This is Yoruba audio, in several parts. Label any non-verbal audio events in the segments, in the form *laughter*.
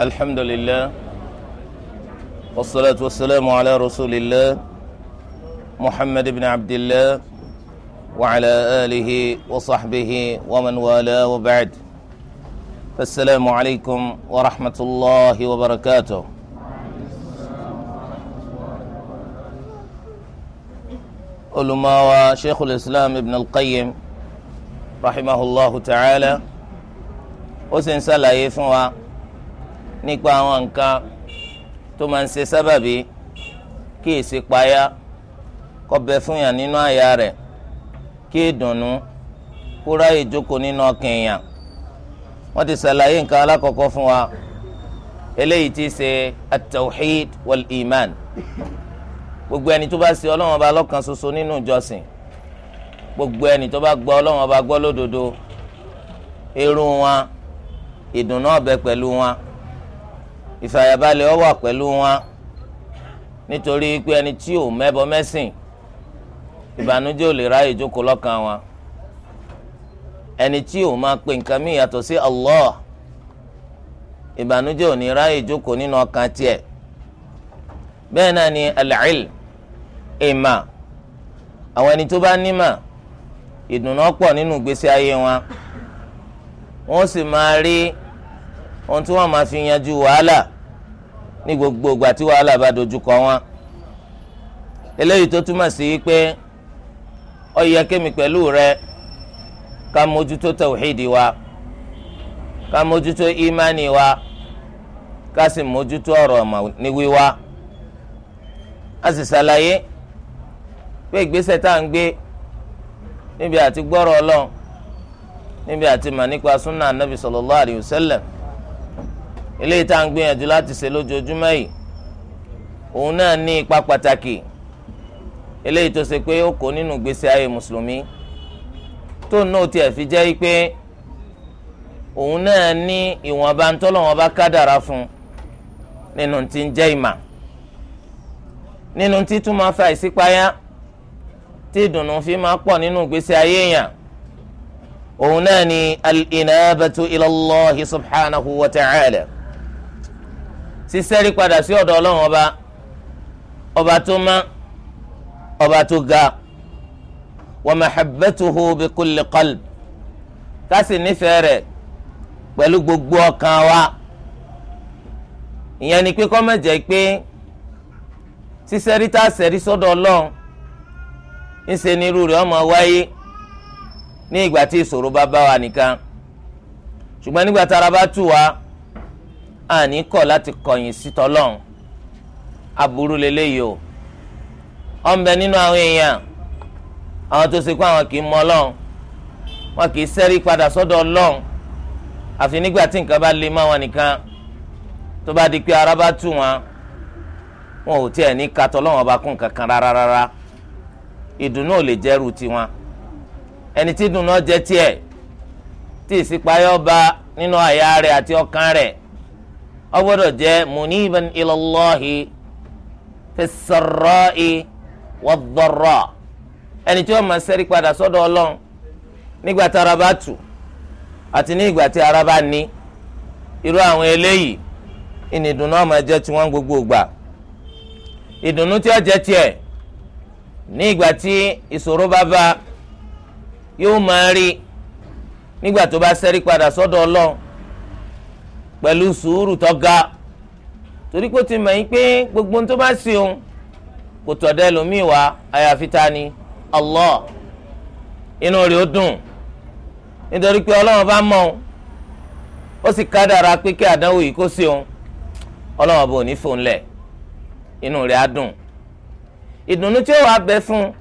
الحمد لله والصلاة والسلام على رسول الله محمد بن عبد الله وعلى آله وصحبه ومن والاه وبعد فالسلام عليكم ورحمة الله وبركاته علماء شيخ الإسلام ابن القيم رحمه الله تعالى وسنسال سلايف nípa àwọn nǹkan tó máa ń ṣe sábàbí kí ìṣípayá kó bẹ fún yàn nínú àyà rẹ̀ kí ìdùnnú kó ráyè jókòó nínú ọkàn èèyàn wọ́n ti ṣàlàyé nǹkan alákọ̀ọ́kọ́ fún wa eléyìí ti ṣe at-tawhid wal iman gbogbo ẹni tó bá ṣe ọlọ́run ọba lọ́kan ṣoṣo nínú ìjọsìn gbogbo ẹni tó bá gbọ́ ọlọ́run ọba gbọ́ lódodo irú wọn ìdùnnú ọbẹ̀ pẹ̀lú wọn ìfàyàbalẹ̀ ọ wà pẹ̀lú wọn nítorí pé ẹni tí ò mẹ́bọ mẹ́sìn ìbànújẹ́ ò lè ráyè jókòó lọ́kàn wọn ẹni tí ò máa pe nǹkan míì yàtọ̀ sí Allah ìbànújẹ́ ò ní ráyè jókòó nínú ọkàn tiẹ̀ bẹ́ẹ̀ náà ni al-ilm ìmà àwọn ẹni tó bá nímà ìdùnnú pọ̀ nínú ìgbésí ayé wọn wọ́n sì máa rí. ohun tí wọ́n máa fi yanjú wàhálà ní gbogbo ìgbà tí wàhálà bá dojú kọ wọn eléyìí tó túmọ̀ sí pé ó yẹ kémi pẹ̀lú rẹ ká mójútó tawhidi wa ká mójútó imani wa ká sì mójútó ọ̀rọ̀ ọ̀mà ní wíwá a sì ṣàlàyé pé ìgbésẹ̀ tá à ń gbé níbi àti gbọ́rọ̀ ọlọ́run níbi àti mà nípa súnà sallallahu alayhi wa sallam. eléyìí tá à ń gbìyànjú láti ṣe lójoojúmọ́ yìí òun náà ní ipa pàtàkì eléyìí tó ṣe pé ó kó nínú ìgbésí ayé mùsùlùmí tó náà tiẹ̀ fi jẹ́ pé òun náà ní ìwọ̀nba ntọ́lọ́wọ́n bá kádàrá fún nínú tí ń jẹ́ ìmà nínú tí máa fa ìṣípayá tí ìdùnnú fi máa pọ̀ nínú ìgbésí ayé yàn òun náà ní al-inabatu ilallahi subhanahu wa ta'ala sísẹ́rí padà sí ọ̀dọ̀ ọlọ́run ọba ọba tó má ọba tó ga wa mahabbatuhu bi kulli qalb ká sì nífẹ̀ẹ́ rẹ̀ pẹ̀lú gbogbo ọkàn wa ìyẹn ni pé kó má jẹ́ pé sísẹ́rí tá a sẹ́rí sọ́dọ̀ ọlọ́run ńṣe ni irú rẹ̀ ọmọ wáyé ní ìgbà tí ìṣòro bá bá wa nìkan ṣùgbọ́n nígbà tára bá tù wá. àní kọ̀ láti kọ̀yìn sí tọ́lọ́run aburú leléyìí o ọ̀nbẹ nínú àwọn èèyàn àwọn tó ṣe pé àwọn kì í mọ ọlọ́run wọn kì í ṣẹ́rí padà sọ́dọ̀ ọlọ́run àfi nígbà tí nǹkan bá le mọ́ wọn nìkan tó bá di pé ara bá tù wọn wọn ò tiẹ̀ ní katọ́ lọ́wọ́n ọba kún kankan rárá rárá ìdùnnú ò lè jẹ́rù tiwọn ẹni tí ìdùnnú jẹ́ tiẹ̀ tí ìsìpayọ́ ba nínú àyà rẹ̀ àti ọkàn rẹ̀ obodo jẹ́ muniban ilallahi fisarra'i wadharra ẹni tí wọ́n máa ṣẹ́rí padà sọ́dọ̀ ọlọ́run nígbà tí ara bá tù àti ní ìgbà tí ara bá ní irú àwọn eléyìí ìní ìdùnnú ó máa jẹ́ gbogbo ìgbà ìdùnnú tí ó jẹ́ e. ní ìgbà tí ìṣòro bá bá yóò máa rí nígbà tó bá ṣẹ́rí padà pẹ̀lú sùúrù tó ga torí ti mọ̀ yín pé gbogbo tó bá sí òun kò tọ̀dọ̀ ẹlòmíì wá àyàfi ta ni Allah inú rẹ̀ ó dùn nítorí pé ọlọ́run bá mọ̀ òun ó sì pé kí àdánwò yìí kó sí òun ọlọ́run bò ní fòun lẹ̀ inú rẹ̀ á dùn ìdùnnú tí ó wàá bẹ fún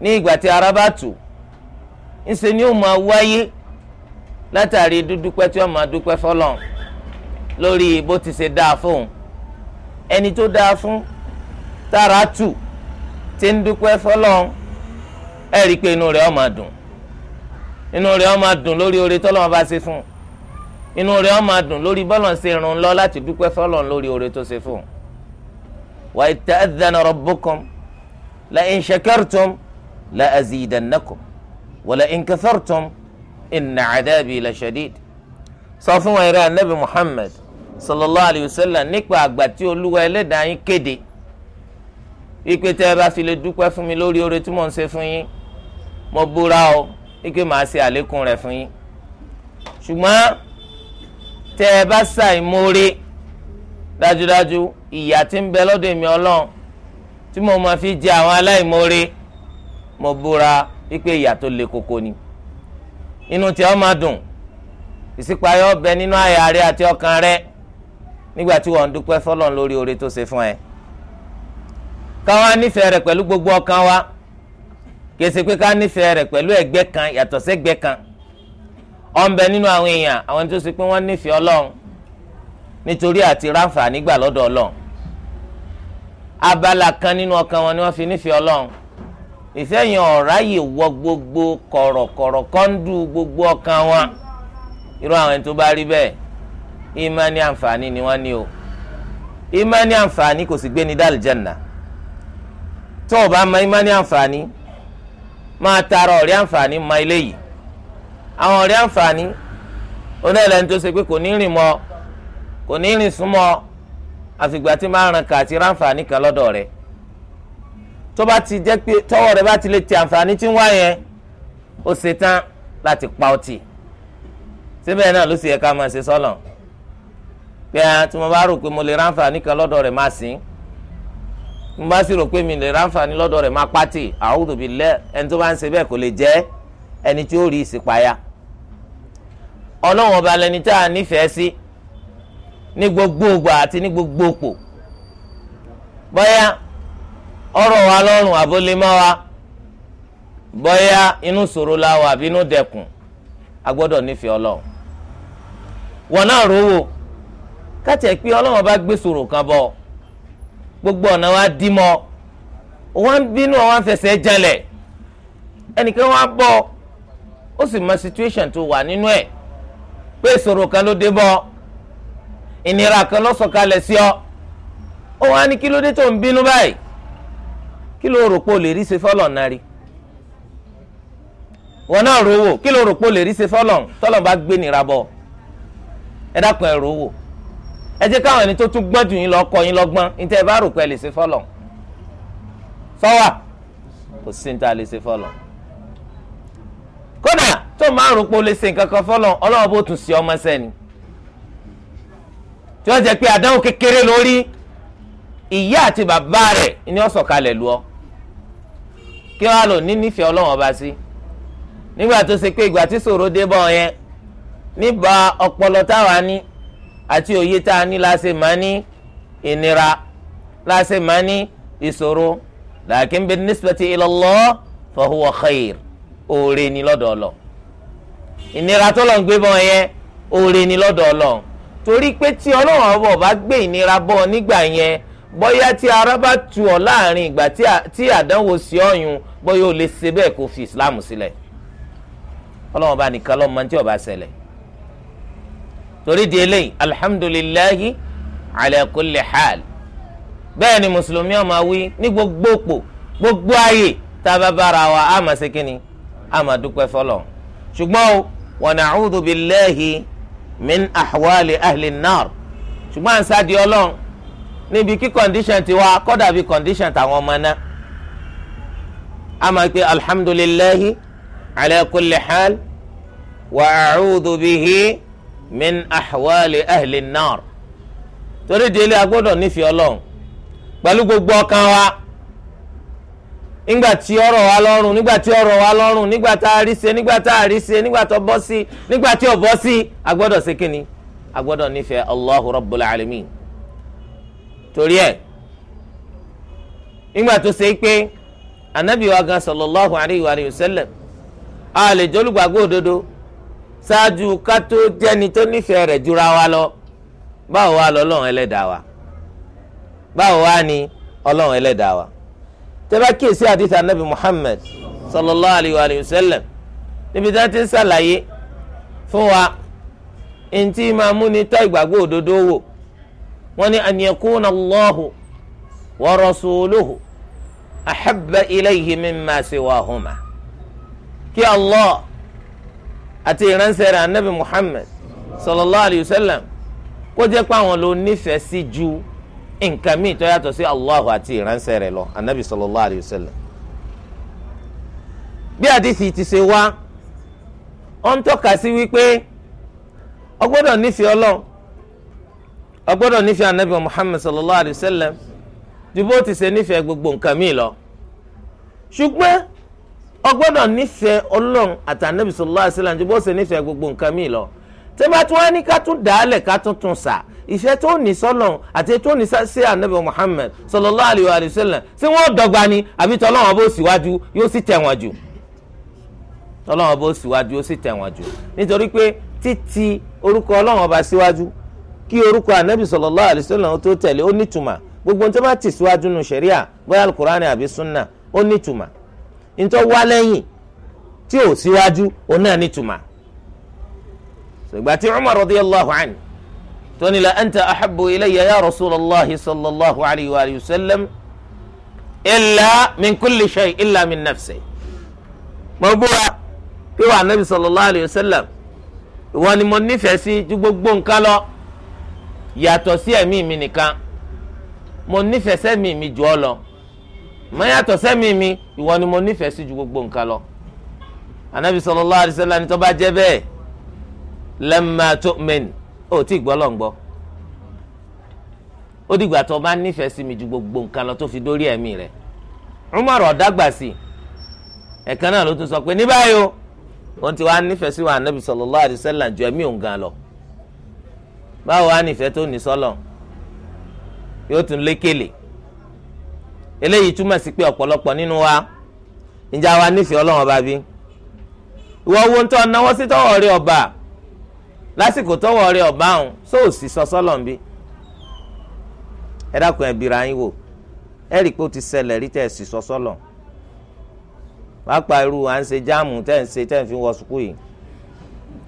ni ó máa wáyé látàrí dúdúpẹ́ tí wọ́n máa dúpẹ́ fọlọ́n lórí bó ti ṣe dáa fóun ẹni tó dáa fún tára tù tí ń dúpẹ́ fọlọ́n ẹ rí i pé inú rẹ̀ ó máa dùn inú rẹ̀ ó máa dùn lórí oore tọ́lọ́wọ́n bá ṣe fún inú rẹ̀ ó máa dùn lórí bọ́lọ̀n ṣe rún lọ láti dúpẹ́ fọlọ́n lórí oore tó ṣe fún wa ita'adhana rabbukum la in shakartum la azidannakum wa la in kathartum inna adabi la shadid sọ fún wọn eré anabi muhammed sallallahu alayhi wa sallam nípa àgbà tí olúwa ẹlẹ́dàá yín kéde ipe tẹ́ ẹ bá fi lè dúpẹ́ fún mi lórí oore tí mò ń ṣe fún yín mo búra o ike màá ṣe àlékún rẹ̀ fún yín ṣùgbọ́n tẹ́ ẹ bá ṣàìmoore dájúdájú ìyà tí ń bẹ lọ́dọ̀ èmi ọlọ́run tí mo máa fi jẹ àwọn aláìmoore mo búra ipe ìyà tó le koko ni inú tí ọ máa dùn ìṣípayọ̀ ọbẹ̀ nínú àyà rẹ àti ọkàn rẹ nígbà tí wọ́n ń dúpẹ́ fọlọ́n lórí oore tó ṣe fún ẹ. káwa nífẹ̀ẹ́ rẹ̀ pẹ̀lú gbogbo ọkàn wa kì í ṣe pé ká nífẹ̀ẹ́ rẹ̀ pẹ̀lú ẹgbẹ́ kan yàtọ̀ sẹ́gbẹ́ kan ọ̀nbẹ nínú àwọn èèyàn àwọn tó ṣe pé wọ́n nífẹ̀ẹ́ ọlọ́run nítorí àti ráǹfà nígbà lọ́dọ̀ ọlọ́run abala kan nínú ọkàn wọn ni wọ́n fi nífẹ̀ẹ́ ọlọ́run ìfẹ́ yẹn ọ̀rá yìí wọ gbogbo kọ̀rọ̀kọ̀rọ̀ kọ́ńdù gbogbo ọkàn wọn irú àwọn ẹni tó bá rí bẹ́ẹ̀ ìmánì àǹfààní ni wọ́n ní o ìmánì àǹfààní kò sì gbé ní dal janna tó o bá mọ ìmánì àǹfààní máa tara ọ̀rẹ́ àǹfààní mọ ilé yìí àwọn ọ̀rẹ́ àǹfààní onílẹ̀ni tó ṣe pé kò ní rìn mọ́ kò ní rìn súnmọ́ àfìgbà tí máa ràn kà àti ráǹfààní kan lọ́dọ̀ rẹ̀ tó bá ti jẹ́ pé tọ́wọ́ rẹ bá ti lè ti àǹfààní tí ń wá yẹn ó ṣetán láti pa ọtí síbẹ̀ náà ló sì yẹ ká máa ṣe sọ́lọ̀ pé a tí mo bá rò pé mo lè ráǹfààní kan lọ́dọ̀ rẹ̀ máa sìn tí mo bá sì rò pé mi lè ráǹfààní lọ́dọ̀ rẹ̀ máa pátì a'udhu billah ẹni tó bá ń ṣe bẹ́ẹ̀ kò lè jẹ́ ẹni tí ó rí ìṣípayá ọlọ́wọ́n ọba lẹni tá a nífẹ̀ẹ́ sí ní gbogbo ògbà àti ní gbogbo òpò bọ́yá ọ̀rọ̀ wa lọ́rùn àbólémọ́ wa bọ́yá inú ṣòro la àbí inú dẹkùn a gbọ́dọ̀ nífẹ̀ẹ́ ọlọ́run wọn náà rówó kátìẹ̀ pé ọlọ́run bá gbé ṣòro kan bọ̀ gbogbo ọ̀nà wa dí mọ́ wọ́n bínú wọn fẹsẹ̀ jalẹ̀ ẹnìkan wọn bọ̀ ó sì mọ situation tó wà nínú ẹ̀ pé ìṣòro kan ló dé bọ̀ ìnira kan ló sí ọ ó wá ní kí ló dé tó ń bínú báyìí kí ló rò pé o lè rí ṣe fọlọ náà rí wọn náà rówó kí ló rò pé o lè rí ṣe fọlọ tọlọ bá gbé nira bọ ẹ dákun ẹ rówó ẹ jẹ́ káwọn ẹni tó tún gbọ́n jù yín lọ kọ́ yín lọ́gbọ́n ní tẹ́ ẹ bá rò pé ẹ lè ṣe fọlọ sọwà kò sí ní ta lè ṣe fọlọ kódà tó máa rò pé o lè se nǹkan kan fọlọ Ọlọ́run bó tún sí ọmọ sẹ́ni tí wọ́n jẹ́ pé àdánwò kékeré lórí ìyá àti bàbá rẹ̀ ni wọ́n sọ̀kalẹ̀ lù ọ́ kí wàá lò ní nífẹ̀ẹ́ ọlọ́run ọba sí nígbà tó ṣe pé ìgbà tí ṣòro dé bọ̀ yẹn níbà ọpọlọ táwa ní àti òye tá a ní láṣẹ máa ní ìnira láṣẹ máa ní ìṣòro lakin bi nisbati ila Allah fa huwa khair ni lọ́dọ̀ ìnira tó lọ ń gbé bọ̀ yẹn oore ni lọ́dọ̀ torí pé tí ọlọ́run ọba bá gbé ìnira bọ̀ nígbà yẹn bóyá tí ara bá tu ọ láàrin ìgbà tí àdánwò sí ọyún bóyá o lè ṣe bẹ́ẹ̀ kó fi islam sílẹ̀ ọlọ́wọ́n bá nìkan lọ́mọ tí ọba ṣẹlẹ̀ torí di eléyìí alihamudulilayi alẹ́kùnlé bẹ́ẹ̀ ni mùsùlùmí ọmọ wí ní gbogbo òpò gbogbo ayé tá a bá bára wa a máa ṣe kínni a máa dúpẹ́ fọlọ́ ṣùgbọ́n o wa na'udhu billahi min ahwali ahli nar ṣùgbọ́n à ń sáà di ọlọ́run níbi kí condition ti wá kọ́dà bí condition tàwọn ọmọ náà a máa pe alhamdulilayi ala kulli hal wa a'udhu bihi min ahwali ahli nar torí délé a gbọ́dọ̀ nífẹ̀ẹ́ Ọlọ́run pẹ̀lú gbogbo ọkàn wa nígbà tí ọ̀rọ̀ wa lọ́rùn nígbà tí ọ̀rọ̀ wa lọ́rùn nígbà tá a rí ṣe nígbà tá a rí sí nígbà sí a gbọ́dọ̀ nífẹ̀ẹ́ Allahu rabbul alamin torí ẹ̀ nígbà tó ṣe pé anabi wa gan sallallahu alayhi wa sallam a lè jólúgbàgbọ́ òdodo ṣáájú ká tó jẹ́ni tó nífẹ̀ẹ́ rẹ̀ jura wa lọ báwo wá lọ́lọ́run ẹlẹ́dàá wa báwo wá ni ọlọ́run ẹlẹ́dàá wa tẹ́bá kíyèsí àdìsí anabi muhammed sallallahu alayhi wa sallam níbi tí wọ́n ti ń ṣàlàyé fún wa ntí máa múni tọ́ ìgbàgbọ́ òdodo wò wọ́n ní an yakuna Allahu wa rasuluhu ahabba ilayhi mimma siwahuma kí allah àti ìránṣẹ́ rẹ̀ anabi muhammad sallallahu alayhi wa sallam kó jẹ́ pé àwọn ló nífẹ̀ẹ́ sí ju nǹkan míì tó yàtọ̀ sí allah àti ìránṣẹ́ rẹ̀ lọ anabi sallallahu alayhi wa sallam. bí àdìsí ti ṣe wá ó tọ́ka sí wípé ó nífẹ̀ẹ́ ọlọ́run agbọ́dọ̀ nífẹ̀ẹ́ anabi muhammed sallallahu alayhi wa sallam ju bó ti ṣe nífẹ̀ẹ́ gbogbo nǹkan mi lọ ṣùgbọ́n ọgbọ́dọ̀ nífẹ̀ẹ́ ọlọ́run àti anabi sallallahu alayhi wa sallam ju bó ṣe nífẹ̀ẹ́ gbogbo nǹkan mi lọ tẹ́bá tí wọ́n á ní ká tún dàálẹ̀ ká tún tún sà ìfẹ́ tó ní sọ́lọ̀ àti tó ní sí anabi muhammed sallallahu alayhi wa sallam ṣé wọ́n dọ́gba ni àbí tọ́lọ́wọ́n bó síwájú yóò sì tẹ̀ wọ́n jù tọ́lọ́wọ́n bó síwájú yóò sì tẹ̀ wọ́n jù nítorí pé títí orúkọ ọlọ́wọ́n bá síwájú kí orúkọ anabi sallallahu alaihi wasallam tó tẹ̀lé ó nítumà gbogbo nítorí bá ti síwájú nu sẹ̀ríà bóyá alukurani àbí sunna ó nítumà nítorí wá lẹ́yìn tí ò síwájú ó náà nítumà. ṣùgbọ́n tí Umar radiyallahu anhu tóní la anta ahabbu ilayya ya rasulallahi sallallahu alayhi wa sallam illa min kulli shay illa min nafsi. mo búra pé wà anabi sallallahu alayhi wa ni mo nífẹ̀ẹ́ sí ju gbogbo nǹkan lọ yàtọ̀ sí ẹ̀mí mi nìkan mo nífẹ̀ẹ́ sẹ́mi mi jù ọ́ lọ mo yàtọ̀ sẹ́mi mi ìwọ ni mo nífẹ̀ẹ́ sí ju gbogbo nǹkan lọ anabi sallallahu alayhi wa sallam ni tó bá jẹ́ bẹ́ẹ̀ lamma tu'min ó tí gbọ́ lọ́n gbọ́ ó dìgbà tó bá nífẹ̀ẹ́ sí mi ju gbogbo nǹkan lọ tó fi dórí ẹ̀mí rẹ̀ Umar ọ̀dàgbà sí ẹ̀kan náà ló tún sọ pé ní báyìí o òun ti wá nífẹ̀ẹ́ sí wa anabi sallallahu alayhi wa ju ẹ̀mí òun lọ báwo á nífẹ̀ẹ́ tó ní sọ́lọ̀ yóò tún lékele eléyìí túmọ̀ sí pé ọ̀pọ̀lọpọ̀ nínú wa ìjà wa nífẹ̀ẹ́ ọlọ́run ọba bí ìwọ owó ń tọ́ náwó sí tọ́wọ́ rí ọba lásìkò tọ́wọ́ rí ọba ọ̀hún sóòsì sọ sọ́lọ̀ ń bí ẹ dákun ẹ bìrà yín wò ẹ rí i pé ó ti ṣẹlẹ̀ rí tẹ̀ sì sọ sọ́lọ̀ pápá irú à ń ṣe jáàmù tẹ̀ ń ṣe tẹ̀ ń fi wọ sùkúù yìí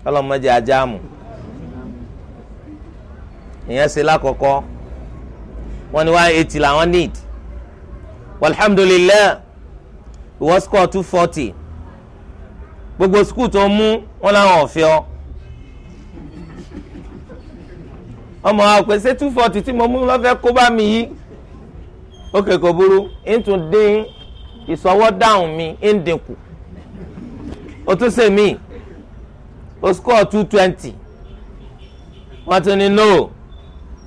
ọlọ́mọdé ajáàmù ìyẹn ṣe lákọ̀ọ́kọ́ wọ́n ní one eighty làwọn need alhamdulilayi ìwọ score two forty gbogbo skul tó mú wọn làwọn ọ̀fẹ́ ọ ọmọ àwọn two forty tí mo mú lọ́fẹ́ kó bá mi yí ókè kò burú ń tún dín ìsọwọ́ dáhùn mi ń dínkù ó tún ṣe mí o score two twenty wọ́n tún ní no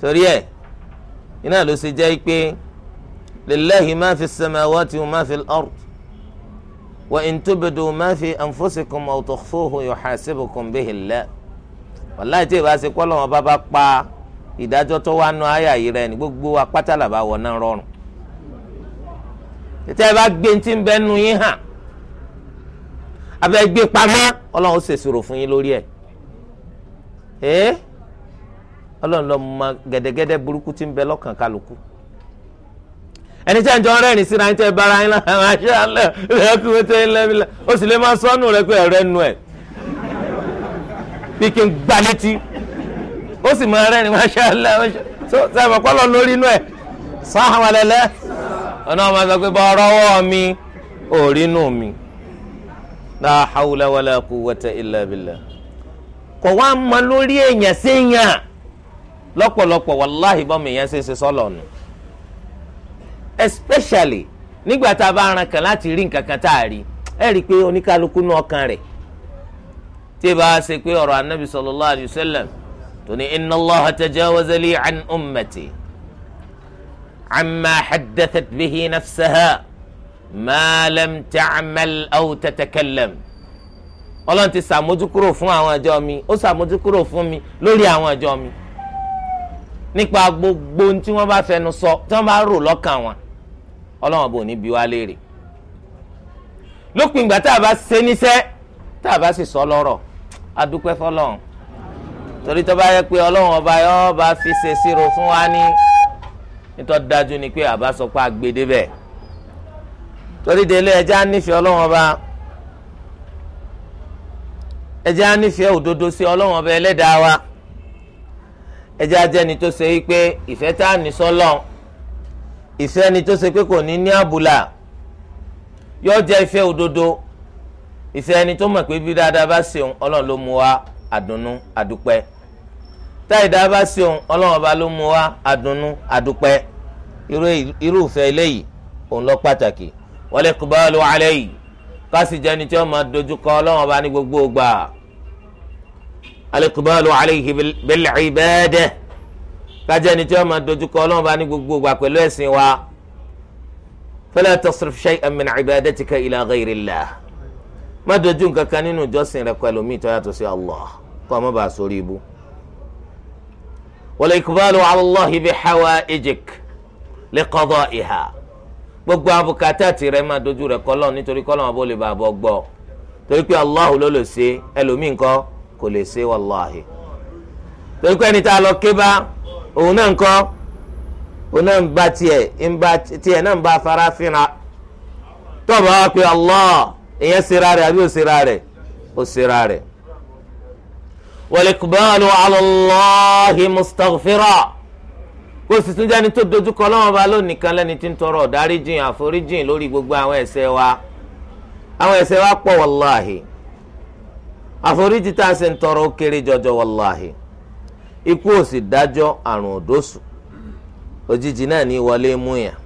torí ẹ̀ iná ló ṣe jẹ́ pé lillahi ma fi samawati wa ma fi al-ard wa in tubdu ma fi anfusikum aw tukhfuhu yuhasibukum bihi Allah wàláì tí ìbá ṣe kọ́ lọ́wọ́ bá bá pa ìdájọ́ tó wá nu àyà yìí rẹ ni gbogbo apátálà bá wọ̀ náà rọrùn tètè bá gbé tí ń bẹ nu yín hàn abẹ́ gbé pamọ́ ọlọ́run ṣèṣirò fún yín lórí ẹ̀ ẹ́. ọlọ́run ló gẹ́dẹ́gẹ́dẹ́ burúkú tí ń bẹ lọ́kàn kálukú ẹni tí a ń jọ rẹ́rìn síra ẹni tí bára yín lára àṣẹ *laughs* alẹ́ o sì lè máa sọ́nù rẹ pé ẹ̀rẹ́ nu ẹ̀ bí kí n gbà létí ó sì máa rẹ́rìn àṣẹ alẹ́ lórí inú ẹ̀ alẹ́lẹ́ ọ̀nà ọmọ sọ pé bá ọ̀rọ̀ ọwọ́ mi ò rí inú mi kọ̀ wá lórí lọ́pọ̀lọpọ̀ wàláhì bọ́mù yẹn ṣe ṣe sọ́lọ̀ nù especially nígbà tá a bá ran kan láti rí nǹkan kan tá a rí ẹ rí i pé oníkálukú ní ọkàn rẹ̀ tí ì bá ṣe pé ọ̀rọ̀ anábì sallallahu alayhi wa sallam tó ní inna Allaha tajawaza li an ummati amma haddathat bihi nafsaha ma lam ta'mal aw tatakallam ọlọ́run ti ṣàmójúkúrò fún àwọn àjọ mi ó ṣàmójúkúrò fún mi lórí àwọn àjọ mi nípa gbogbo tí wọ́n bá fẹnu sọ tí wọ́n bá rò lọ́kàn wọn ọlọ́run bò ní bí wá léèrè lópin ìgbà tá a bá ṣe níṣẹ́ tá a bá sì sọ lọ́rọ̀ a dúpẹ́ fọlọ́run torí tó bá yẹ pé ọlọ́run ọba yọ bá fi ṣe síro fún wa ní nítorí dájú ni pé àbá sọ pé àgbèdè bẹ́ẹ̀ torí délé ẹjẹ́ á nífẹ̀ẹ́ ọba ẹjẹ́ á òdodo sí ọlọ́run ọba ẹlẹ́dàá wa ẹjẹ́ ni tó ṣe wípé ìfẹ́ tá a ní sọ́lọ́n ìfẹ́ ni tó ṣe pé kò ní ní àbùlà yóò jẹ́ ìfẹ́ òdodo ìfẹ́ ẹni tó mọ̀ pé bí dáadáa bá ṣeun ọlọ́run ló mú wa àdùnnú àdúpẹ́ táìdá bá ṣeun ọlọ́run ọba ló mú wa àdùnnú àdúpẹ́ irúfẹ́ eléyìí òun lọ pàtàkì wọlé kúbá ló wà lẹ́yìn ká sì tí wọ́n máa dojú kọ ọlọ́run ọba ní gbogbo gbà alikubalu alayhi bil ibadah kájẹ́ ni tí wọ́n máa dojúkọ ọlọ́run bá ní gbogbo ìgbà pẹ̀lú ẹ̀sìn wa fala tasrif shay'an min ibadatika ila ghayrillah má dojú nǹkan kan nínú ìjọsìn rẹ pẹ̀lú mi tó sí Allah kó o má bàa sórí ibu. wal ikbalu ala Allahi bi hawa'ijik li qada'iha gbogbo abùkátà tirẹ̀ má dojú rẹ kọ́ lọ́ọ̀ nítorí kọ́ lọ́ọ̀ bó lè bàbọ̀ gbọ́ torí pé Allah ló lè ṣe ẹlòmíì kò lè ṣe wàláhì torí pé ẹni tá a lọ ké bá òun náà ń kọ́ òun náà ń bá tiẹ̀ ń bá tiẹ̀ náà ń bá fara fínra tó bá wá pé Allah ìyẹn ṣera rẹ̀ àbí òṣèrà rẹ̀ òṣèrà rẹ̀ wal-iqbalu ala Allahi mustaghfira kó sì tún jáde tó dojúkọ lọ́wọ́n ba lónìí kan lẹ́ni tí ń tọrọ ọ̀dáríjìn àforíjìn lórí gbogbo àwọn ẹ̀ṣẹ̀ wa àwọn ẹ̀ṣẹ̀ wa pọ̀ àforíjì tá a ṣe ń tọrọ ó kéré jọjọ wàláhì ikú ò sì dájọ́ àrùn òdòsù òjijì náà ní wọlé mú yàn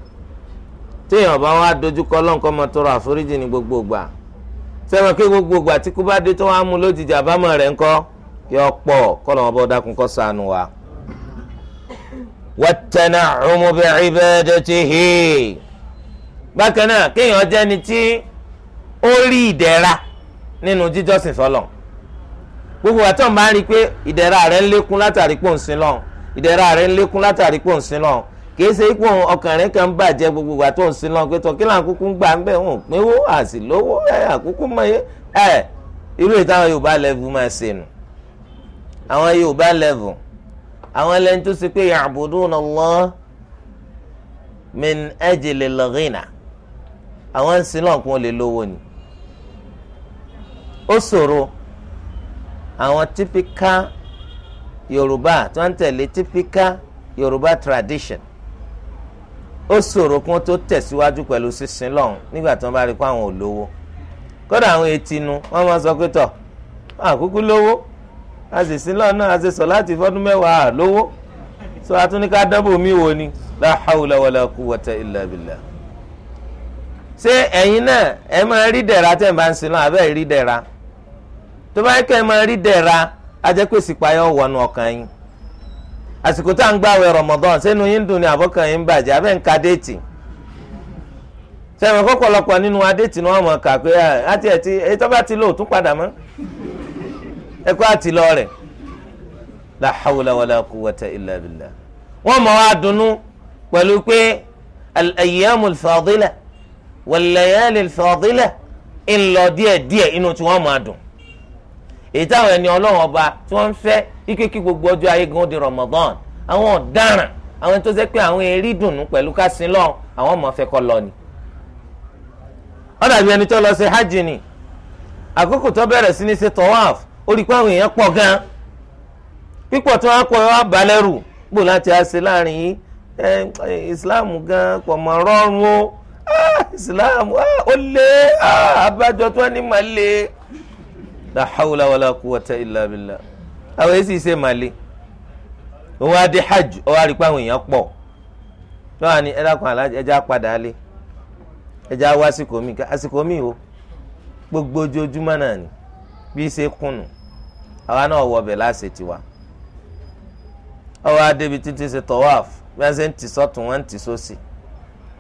téèyàn bá wá dojúkọ lọ́nkọ́ máa tọrọ àforíjì ní gbogbo gbà sẹ́wọ̀n kí gbogbo gbà tí kú bá dé tó wá mú lójijì àbámọ̀ rẹ̀ ńkọ́ yọ pọ̀ kọ́ lọ́wọ́ bọ́ dákun kọ́ sànù wa. wàtẹ̀nà ọmọbẹ̀ ìbẹ́ẹ́dẹ́ ti hì bákan náà kéèyàn jẹ́ni tí ó rí ìdẹ̀ra nínú jíjọ́sìn fọlọ́n gbogbo àtọ̀ máa ń rí i pé ìdẹ̀ra rẹ̀ ń lékún látàrí pò ń sin lọ́hùn ìdẹ̀ra rẹ̀ ń lékún látàrí pò ń sin lọ́hùn kì í ṣe ipò ọkànrin kan bàjẹ́ gbogbo àtọ̀ ń sin lọ́hùn pé tọ́kí là ń kúkú ń gbà ń bẹ̀ wọn ò pínwó àsì lówó ẹ̀ àkúkú mọ̀ yé ẹ̀ irú ìtàwọn Yorùbá lẹ́vù máa ṣe nù àwọn Yorùbá lẹ́vù àwọn ẹlẹ́ni tó ṣe pé ya'buduna Allah àwọn typical yorùbá tí wọ́n ń tẹ̀lé typical yorùbá tradition ó ṣòro kí wọ́n tó tẹ̀síwájú pẹ̀lú sísin lọ́hùn nígbà tí wọ́n bá rí i pé àwọn ò lówó kódà àwọn etinu wọ́n máa sọ pé tọ̀ àkúkú lówó a sì sin lọ́hùn náà a sì sọ láti fọ́dún mẹ́wàá lówó so atúnika dábò mi wo ni la hawla wala quwwata illa billah ṣé ẹ̀yin náà ẹ máa rí dẹ̀ra tẹ̀ ń bá ń sin lọ́hùn àbẹ́ẹ̀ rí dẹ̀ra tó bá yẹ kẹ́ ẹ máa rí dẹ̀ra ajẹ́pẹ́ sípayọ́ wọnú ọkàn yín àsìkò tá à ń gbàwé Ramadan sẹ́nu yín dùn ní àbọ̀kàn yín bàjẹ́ abẹ́ ń ka déètì sẹ́wọ̀n kọ́kọ́lọpọ̀ nínú adéètì ni wọ́n mọ̀ kà pé àti ẹ̀ ti èyí tó bá ti lò tún padà mọ́ ẹ̀kọ́ àti lọ rẹ̀ wọ́n mọ̀ wá dunnú pẹ̀lú pé al-ayyamul fadila wal layalil ńlọ díẹ̀díẹ̀ inú tí wọ́n mọ̀ adùn èyí táwọn ẹni ọlọ́run ọba tí wọ́n ń fẹ́ ike gbogbo ọjọ́ ayé gan di Ramadan àwọn ọ̀daràn àwọn tó ṣe pé àwọn eré dùnú pẹ̀lú kásìn lọ àwọn ọmọ fẹ́ kọ́ lọ ni. ó dàbí ẹni tó lọ hajj ni àkókò tó bẹ̀rẹ̀ sí ní ṣe tawaf ó rí i pé àwọn èèyàn pọ̀ gan pípọ̀ tí wọ́n pọ̀ wá balẹ̀rù gbò gan o ah, islam ah, ó ah, abájọ ní la hawla wala quwwata illa billah àwọn èsì ṣe màlẹ òun á dé hajj ọwọ́ àrípá àwọn èèyàn pọ̀ lọ́wọ́ ni ẹ̀dá kan aláàjì ẹja padà lé ẹja wá àsìkò mi àsìkò mi o gbogbo ojoojúmọ́ náà ni bí ṣe kùnù àwa náà wọ ọbẹ̀ láṣẹ tiwa ọwọ́ adébi títí ṣe tọ́wáf bí wọ́n ṣe ń tì sọ́tún wọ́n ń tì sósì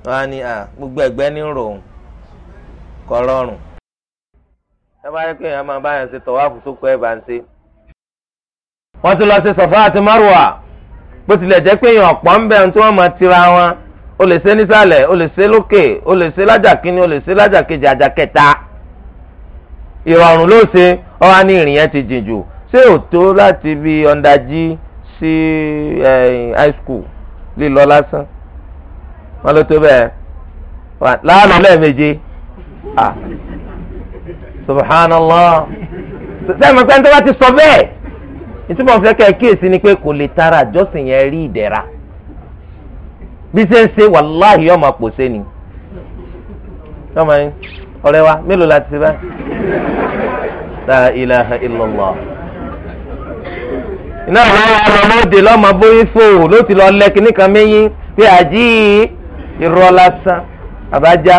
wọ́n á gbogbo ẹ̀gbẹ́ ní ròhùn kọ́ rọrùn ẹ bá rí pé ẹ máa bá yẹn ṣe tọ̀wáàfù tó kọ ẹ bá ń ṣe. wọ́n ti lọ sí sọ̀fà àti márùwà bó tilẹ̀ jẹ́ pé èèyàn ọ̀pọ̀ ń bẹ̀rù tí wọ́n máa tira wọn o lè ṣe nísàlẹ̀ o lè ṣe lókè o lè ṣe lájà o lè ṣe lájà kejì ìrọ̀rùn ló ṣe ọ ní ìrìn yẹn ti jìn jù ṣé ò tó láti bí ọ̀ndàjì sí high school lílọ lásán wọn ló tó bẹ́ẹ̀ láàánú lẹ́ẹ̀méje subhanallah sẹ́yìn mọ̀pẹ́ nítorí wọ́n ti sọ bẹ́ẹ̀ ìtumọ̀ fẹ́ kẹ́ kíyèsí ni pé kò lè tara àjọsìn yẹn rí ìdẹ̀ra bí ṣe ń ṣe wàláhì ọmọ àpòṣe ni ọmọ yẹn ọ̀rẹ́ wa mélòó la ti ṣe báyìí la ilaha illallah iná àwọn ọlọ́mọdé lọ́mọ bóyí fò ló ti lọ lẹ́ kínní kan méyín pé àjí irọ́ lásán àbájá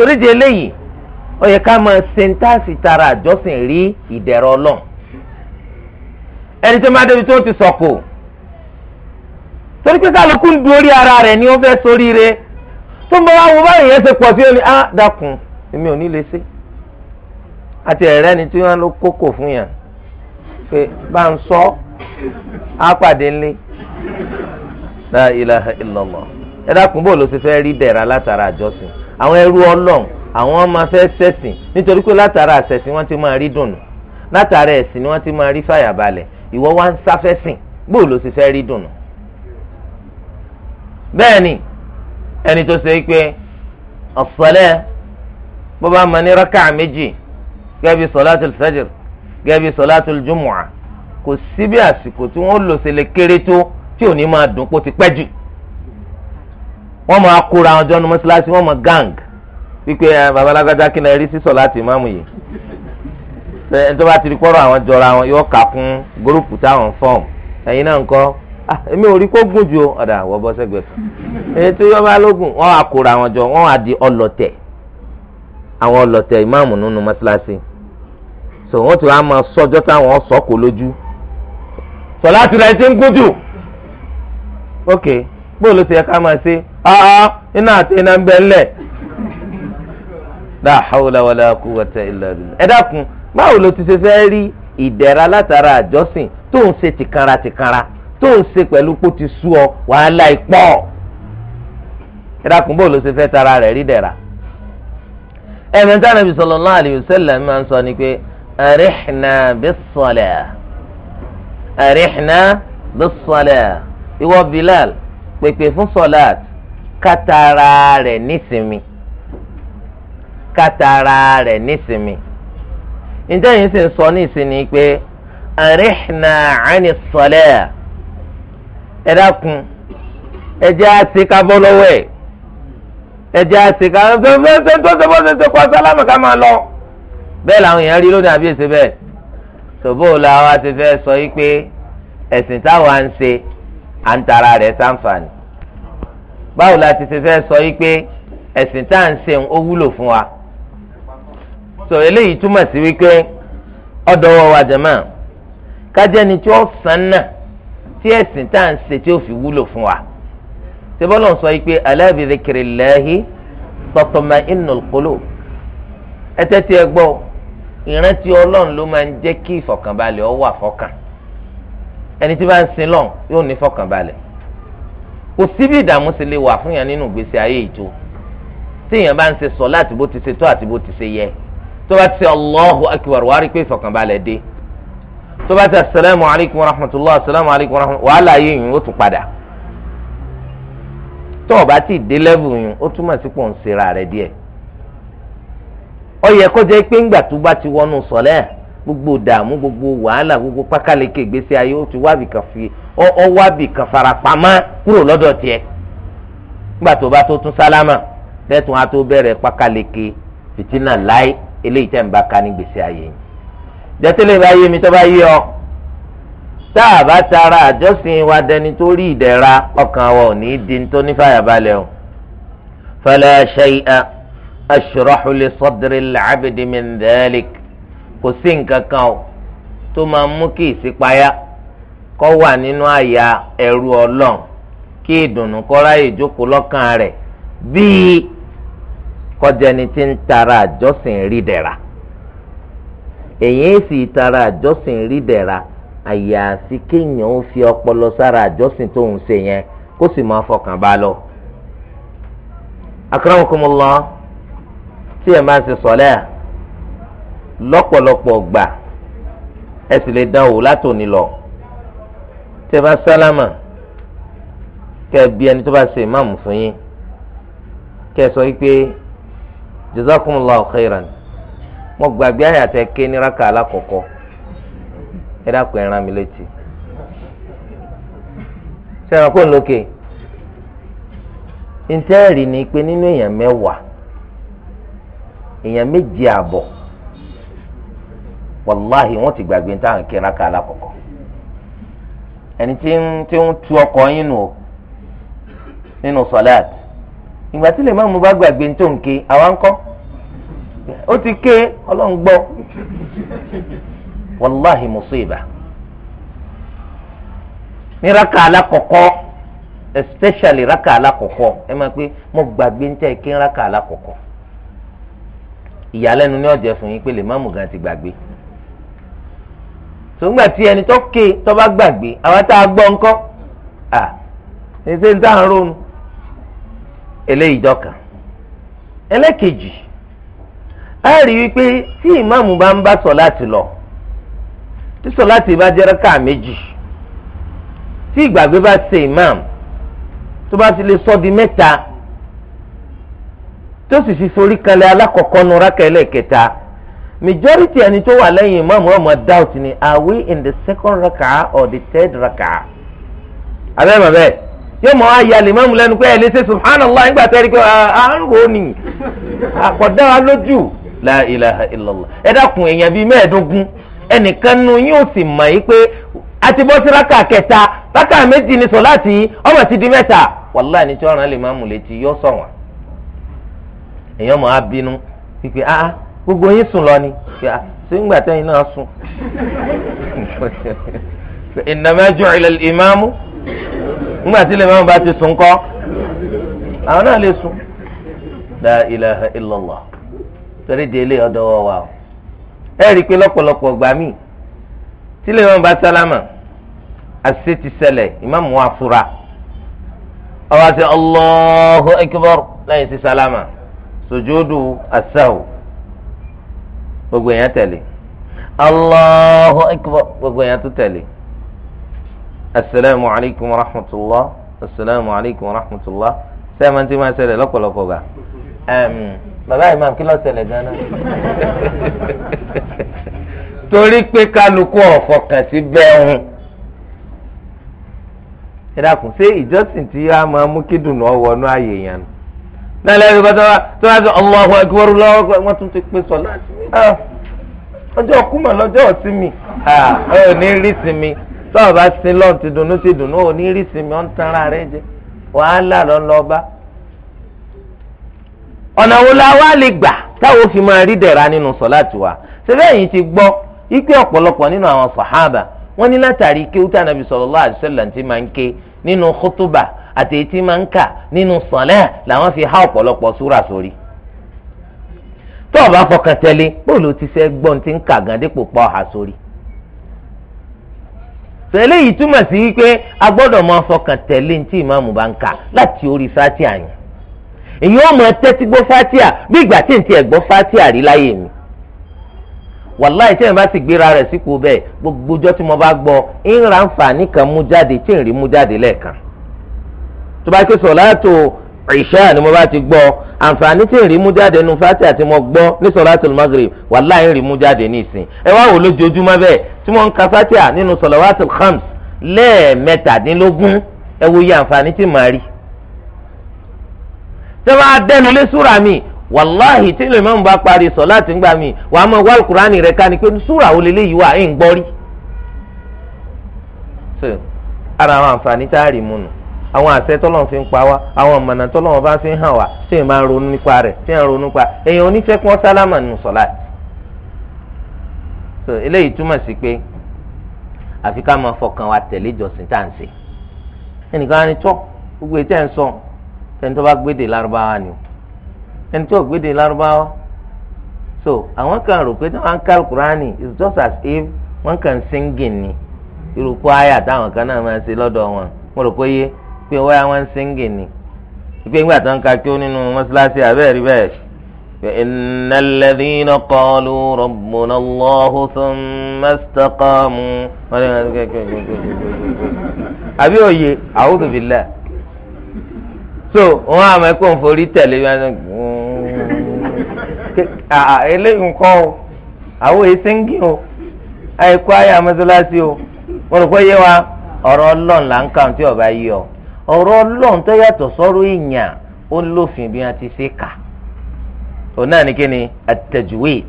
torí di eléyìí ó yẹ ká máa sèǹtàsì tara àjọsìn rí ìdẹ̀rọ̀ ọlọ́run ẹni tó máa débi tó ti sọ̀kò torí pé kálukú ń du orí ara rẹ̀ ni ó fẹ́ soríire tó ń bọ̀ wá wo báyìí yẹn ṣe pọ̀ sí ẹni á ah, dákun èmi ò ní lè ṣe àti ẹ̀rẹ́ ni tí wọ́n ló kókò fún yàn pé bá ń sọ á pàdé ńlẹ̀ la ilaha illallah ẹ dákun bó ló ṣe fẹ́ rí dẹ̀ra látara àjọsìn àwọn ẹrú ọlọ́run àwọn máa fẹ́ ṣẹ̀sìn nítorí pé látara àṣẹ̀sìn wọ́n ti máa rí dùnnú látara ẹ̀sìn ni wọ́n ti máa rí fàyàbalẹ̀ ìwọ wá ń sáfẹ́sìn gbóò ló sì fẹ́ rí dùnnú. bẹ́ẹ̀ ni ẹni tó ṣe pé ọ̀sọ̀lẹ́ bó bá máa ní rákà méjì gẹ́bí sọ̀látùl fajr gẹ́bí sọ̀látùl jumu'ah kò síbi àsìkò tí wọ́n lò ṣe lè kéré tó tí ò ní máa dùn kó ti pẹ́ jù wọ́n máa kóra àwọn jọ́nu mọ́ṣáláṣí wọ́n máa gang wípé eh, babalágbádá kí lè rí sísọ láti ìmáàmù yìí ẹni tó bá ti rí pọ́rọ̀ àwọn jọra wọn yóò kà fún gúrúùpù táwọn fọ́ọ̀mù ẹ̀yin náà ń kọ́ ah, èmi ò rí kó gùn ju ọ̀dà àwọ̀ bọ́ sẹ́gbẹ̀ẹ́ kan èyí tó yọba lógún wọ́n á kóra àwọn jọ wọ́n á di ọlọ̀tẹ̀ àwọn ọlọ̀tẹ̀ ìmáàmù nínú mọ́ṣáláṣí so wọ́n ti wá máa sọ́jọ́ táwọn sọ́kò lójú sọ láti rẹ̀ ok bóòlù ti yẹ ká aa ah, ah, iná àti iná ń bẹ ńlẹ̀ la hawla wala quwwata illa billah. ẹ dákun báwo ló ti ṣe fẹ́ rí ìdẹ̀ra látara àjọsìn tó ń ṣe tìkanra tìkanra tó ń ṣe pẹ̀lú pó ti sú ọ wàhálà ìpọ̀ ẹ dákun báwo ló ṣe fẹ́ tara rẹ̀ rí dẹ̀ra. ẹ̀mí táwọn Nabi sallallahu alayhi wa sallam máa ń sọ ni pé arihna bis-salah arihna bis-salah ìwọ Bilal pèpè fún sọ̀láàtì katara rẹ̀ nísìmí kátara rẹ̀ nísìmí ǹjẹ́ yìí sì ń sọ ní ìsinmi pé àríhìnà àní sọlẹ̀ ẹ dákun ẹ jẹ́ àti kábọ́ lọ́wọ́ ẹ̀ ẹ jẹ́ àti báwo la ti ṣe fẹ́ sọ yìí pé ẹ̀sìn tá à ń ṣe ó wúlò fún wa so eléyìí túmọ̀ sí wípé ọ̀dọ́wọ́ wa jẹ̀mọ́ kájẹ́ni tí ó sàn náà tí ẹ̀sìn tá à ń ṣe tí ó fi wúlò fún wa ṣé bọ́lá ń sọ yìí pé ala bi dhikrillahi tatma'innul qulub ẹtẹ́ tí ẹ gbọ́ ìrántí ọlọ́run ló máa ń jẹ́ kí ìfọ̀kànbalẹ̀ ó wà fọ́kàn ẹni tí bá ń sin lọ́n yóò ní fọ̀kànbalẹ̀ kò sí bí ìdààmú ti lè wà fún yàn nínú ìgbésí ayé ìtò tí èèyàn bá ń ṣe sọ láti bó ti ṣe tó àti bó ti ṣe yẹ tó bá ti ṣe Allahu akbar wàá rí pé ìfọ̀kànbalẹ̀ dé tó bá ti ṣe asalaamu alaykum wa rahmatulah asalaamu alaykum wa rahmatulah wàhálà ayé yìí ó tún padà tó ti dé lẹ́vù yìí ó túmọ̀ sí pò ń ṣera díẹ̀ yẹ kó jẹ́ pé ńgbà ti wọnú gbogbo dààmú gbogbo wàhálà gbogbo pákàlẹ́kẹ̀ gbèsè ayé ó ti wábì kan fi ọ wábì kan farapamọ́ kúrò lọ́dọ̀ tiẹ̀ nígbà tó bá tó tún sálámà tẹ́tùn á tó bẹ̀rẹ̀ pákàlẹ́kẹ̀ fìtínà láì eléyìí tẹ̀ ń bá ka ní gbèsè ayé yìí jẹ́tẹ́lẹ̀ bá yé mi tó bá yé ọ tá a bá tara àjọsìn wa dẹni tó rí ìdẹ̀ra ọkàn wa ò ní í di tó ní fàyàbalẹ̀ o fala shay'a ashrahu li sadri kò sí nǹkan kan o tó máa mú kí ìṣípayá kọ́ wà nínú àyà ẹrú ọlọ́run kí ìdùnnú kó ráyè jókòó lọ́kàn rẹ̀ bíi kọjẹni tí ń tara àjọsìn rí dẹ̀ra èyí sì tara àjọsìn rí dẹ̀ra àyàfi kéèyàn ó fi ọpọlọ sára àjọsìn tó ń ṣe yẹn kó sì máa fọkàn bá lọ. akramakumullah tí ẹ máa ń ṣe sọlẹ́ à lọ́pọ̀lọpọ̀ gbà ẹ sì lè dán wò látòní lọ tẹ́ bá sálámà kẹ́ bí ẹni tó bá ṣe ìmáàmù fún yín kẹ́ sọ wípé jazakumullahu khairan mo gbàgbé àyàtẹ ké ní raka alákọ̀ọ́kọ́ ẹ dákun ẹ rán mi létí sẹ́wọ̀n kò lókè ntẹ́ẹ̀rì ni pé nínú èèyàn mẹ́wàá èèyàn méje àbọ̀ wàláhì wọ́n ti gbàgbé táwọn kíra ká alákọ̀ọ́kọ́ ẹni tí ń tí ń tu ọkọ̀ yín nù nínú sọláàt ìgbà tí lè má mú bá gbàgbé tó ń ké àwa ń kọ́ ó ti ké ọlọ́run gbọ́ wàláhì mùsíbà ní raka alákọ̀ọ́kọ́ especially raka alákọ̀ọ́kọ́ ẹ máa pé mo gbàgbé ń tẹ́ kí ń raka alákọ̀ọ́kọ́ ìyàlẹ́nu ni ọ̀jẹ̀ fún yín pé lè má mú gan ti gbàgbé. sògbà tí ẹni tó ké tó bá gbàgbé àwọn tá a gbọ́ ńkọ́ à ṣe ń tá à ń ronú eléyìí dọ́kà ẹlẹ́kejì a rí wípé tí ìmáàmù bá ń bá sọ láti lọ tí sọ láti bá jẹ́ rákà méjì tí ìgbàgbé bá ṣe ìmáàmù tó bá ti lè sọ di mẹ́ta tó sì fi forí kanlẹ̀ alákọ̀ọ́kọ́ nu rákà ẹlẹ́kẹta majority ẹni tó wà lẹ́yìn imam ọmọ doubt ni are we in the second raka or the third raka abẹ́rẹ́ bàbẹ́ yóò mọ ayé alimami lẹ́nu pé ẹni ṣe subhanallah nígbà tẹ́lẹ̀ pé ah, à ń rò ní àkọ́dá wa lójú la ilaha illallah ẹ dákun èèyàn bíi mẹ́ẹ̀ẹ́dógún ẹnìkan nu sì mọ̀ pé a ti bọ́ sí raka kẹta ti di mẹ́ta ni tí wọ́n rán alimami létí gbogbo yín sùn lọ ni ṣé ń gbà tẹ́yìn náà sùn. innama ju'ila al-imamu ńgbà tí lèmọ́mù bá ti sùn kọ́ àwọn náà lè sùn. la ilaha illallah torí délé ọ̀dọ̀ wọ̀ wá o ẹ rí i pé lọ́pọ̀lọpọ̀ gbà mí tí lèmọ́mù bá sálámà àṣìṣe ti ṣẹlẹ̀ ìmáàmù wa fura ọwọ́ àti Allahu akbar lẹ́yìn sí sálámà sòjúdù àṣàwò gbogbo èèyàn tẹ̀lé allahu akbar gbogbo èèyàn tó tẹ̀lé asalaamu alaykum wa rahmatulah asalaamu alaykum wa rahmatulah sẹ́ẹ̀mà tí máa ṣẹlẹ̀ lọ́pọ̀lọpọ̀ gbà bàbá yìí máa kí ló ṣẹlẹ̀ gánà *laughs* torí pé kálukú ọ̀fọ̀kàn sí bẹ́ẹ̀ hùn ṣé ìjọsìn tí a máa mú kí dùnú ọwọ́ ààyè yẹn nù náà lẹ́yìn bá tó wá sọ Allahu Akbar Allahu Akbar wọ́n tún ti pè sọ láti ah. ọjọ́ kúmọ̀ lọ́jọ́ sí mi ọ̀ ní rí sí mi tọ́ọ̀ bá sin lọ́ọ̀ ti dùnú ti dùnú ò ní rí sí mi ọ̀ ń tanra rẹ jẹ wàhálà lọ lọ bá. ọ̀nà wo la wá lè gbà táwọn fi máa rí dẹ̀ra nínú sọ̀láàtì wa ṣẹ́fẹ́ yìí ti gbọ́ ipe ọ̀pọ̀lọpọ̀ nínú àwọn sàhábà wọ́n ní látàrí kéwútà àti èyí tí máa ń kà nínú sọ̀lẹ́ làwọn fi há ọ̀pọ̀lọpọ̀ súrà sórí tó o bá fọkàn tẹ́lẹ̀ bóòlù ti fẹ́ gbọ́n ti ń kà gan dípò pa ọ̀hà sórí tẹ̀lé yìí túmọ̀ sí wípé a gbọ́dọ̀ máa fọkàn tẹ̀lé ní tí ìmáàmù bá ń kà láti orí fátíà yẹn èyí ó máa tẹ́tí gbọ́ fátíà bí ìgbà tí n tiẹ̀ gbọ́ fátíà rí láyé mi wàláì tẹ́yìn bá sì gbéra rẹ̀ sípò bẹ́ẹ̀ gbogbo ọjọ́ tí mo bá gbọ́ ń tó bá ké sọ̀láàtò ìṣá ni mo bá ti gbọ́ àǹfààní tí ń rí mú jáde nu fati àti mo gbọ́ ní sọ̀láàtò magrib wàláhì ń rí mú jáde ní ìsìn ẹ wá wò lójoojúmọ́ bẹ́ẹ̀ tí wọ́n ń ka fati à nínú sọ̀láwàtò khams lẹ́ẹ̀mẹ́tàdínlógún ẹ wo iye àǹfààní tí màá rí. tẹ́ wá dẹnu lé súra mi wàláhì tí lè mọ́mú bá parí sọ̀láàtì ńgbà mi wàá mọ wàl kúránì rẹ̀ ká ni pé súra ò lè léyìí wà ẹ̀ ń gbọ́ ara àwọn àǹfààní tá a rí mu nù. àwọn àṣẹ tọ́lọ́run fi ń pa wá àwọn ọ̀mọ̀nà tọ́lọ́run bá fi ń hàn wá tí èèyàn máa ronú nípa rẹ̀ tí èèyàn ronú pa èèyàn onífẹ́ so eléyìí túmọ̀ sí pé àfi ká máa fọkàn wa tẹ̀lé ìjọsìn tá à ń ṣe ẹnìkan á ní tọ́ gbogbo ètò ẹ̀ ń ni o ẹni tó lárúbáwá so àwọn kan rò pé tí wọ́n just as if wọ́n kàn ń ni irú kó kan náà máa ṣe lọ́dọ̀ wọn mo pé ọwọ́ ya wọn ń sẹ́ńgè ni pé ńgbà tó ń ka kí ó nínú mọ́ṣáláṣí àbẹ́ẹ̀rí bẹ́ẹ̀ إن الذين قالوا ربنا الله ثم استقاموا àbí òye أعوذ بالله so wọn àmọ́ ẹkọ ń forí tẹ̀lé eléyìí nǹkan o àwọn èsìngì o ẹkọ ayé amọsọlá sí o wọn rò pé yé wa ọ̀rọ̀ Ọlọ́run là ń kà tí ọba yí ọ. ọ̀rọ̀ ọlọ́run tó yàtọ̀ sọ́rọ̀ èèyàn ó lófin bí wọ́n ti ṣe kà òun náà ní kíni at-tajwid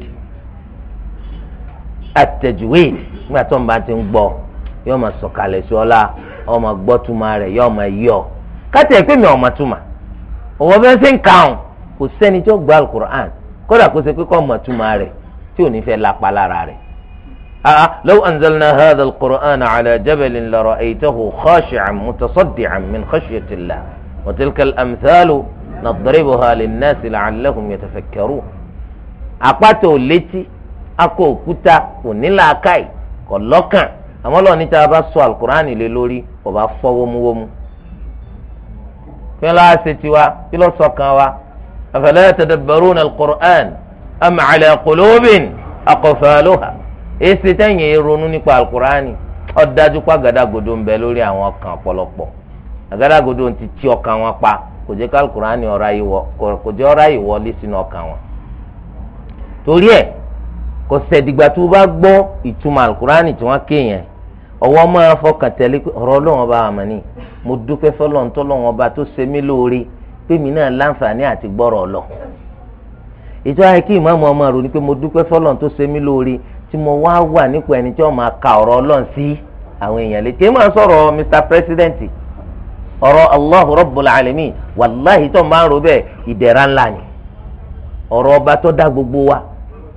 at nígbà tó ń bá ti ń gbọ́ yóò máa sọ̀kalẹ̀ sí ọlá ọmọ rẹ̀ yóò máa yọ kátìyà pé mi ò máa túmà òwò bẹ́ẹ̀ ṣe ń kò sẹ́ni tó alukur'an kódà kó ṣe pé máa rẹ̀ tí ò ní fẹ́ lápá آه، آه. لو أنزلنا هذا القرآن على جبل لرأيته خاشعا متصدعا من خشية الله وتلك الأمثال نضربها للناس لعلهم يتفكرون أقاتو لتي أكو كتا ونلا كاي كلوكا أما لو نتا بسوا القرآن للوري وبافو موم فلا ستوا إلو سوكاوا أفلا يتدبرون القرآن أم على قلوب أقفالها èsì tẹ̀yìn ronú nípa alukurani ọ̀dájú pa gàdàgodo ń bẹ lórí àwọn ọkàn ọ̀pọ̀lọpọ̀ àgádágodo ti ti ọkàn wọn pa kò jẹ́ kálukurani ọ̀rá ìwọ kò jẹ́ ọ̀rá ìwọ lé sínú ọkàn wọn. torí ẹ̀ kò sẹ̀dìgbà tó bá gbọ́ ìtumọ̀ alukurani tí wọ́n ké yẹn ọwọ́ máa fọkàn tẹ̀lé pé ọ̀rọ̀ ọlọ́wọ́n bá wà mọ́ni mo dúpẹ́ fọlọ́ntọ́lọ́wọ́n bá tó mo dúpẹ́ fọlọ́n tó tí mo wá wà nípò ẹni tí wọ́n máa ka ọ̀rọ̀ ọlọ́run sí àwọn èèyàn mr president ọrọ allahu rabbul alamin wàláhì tó máa ń ro bẹ́ẹ̀ ìdẹ̀ra ńlá ọba tó dá gbogbo wa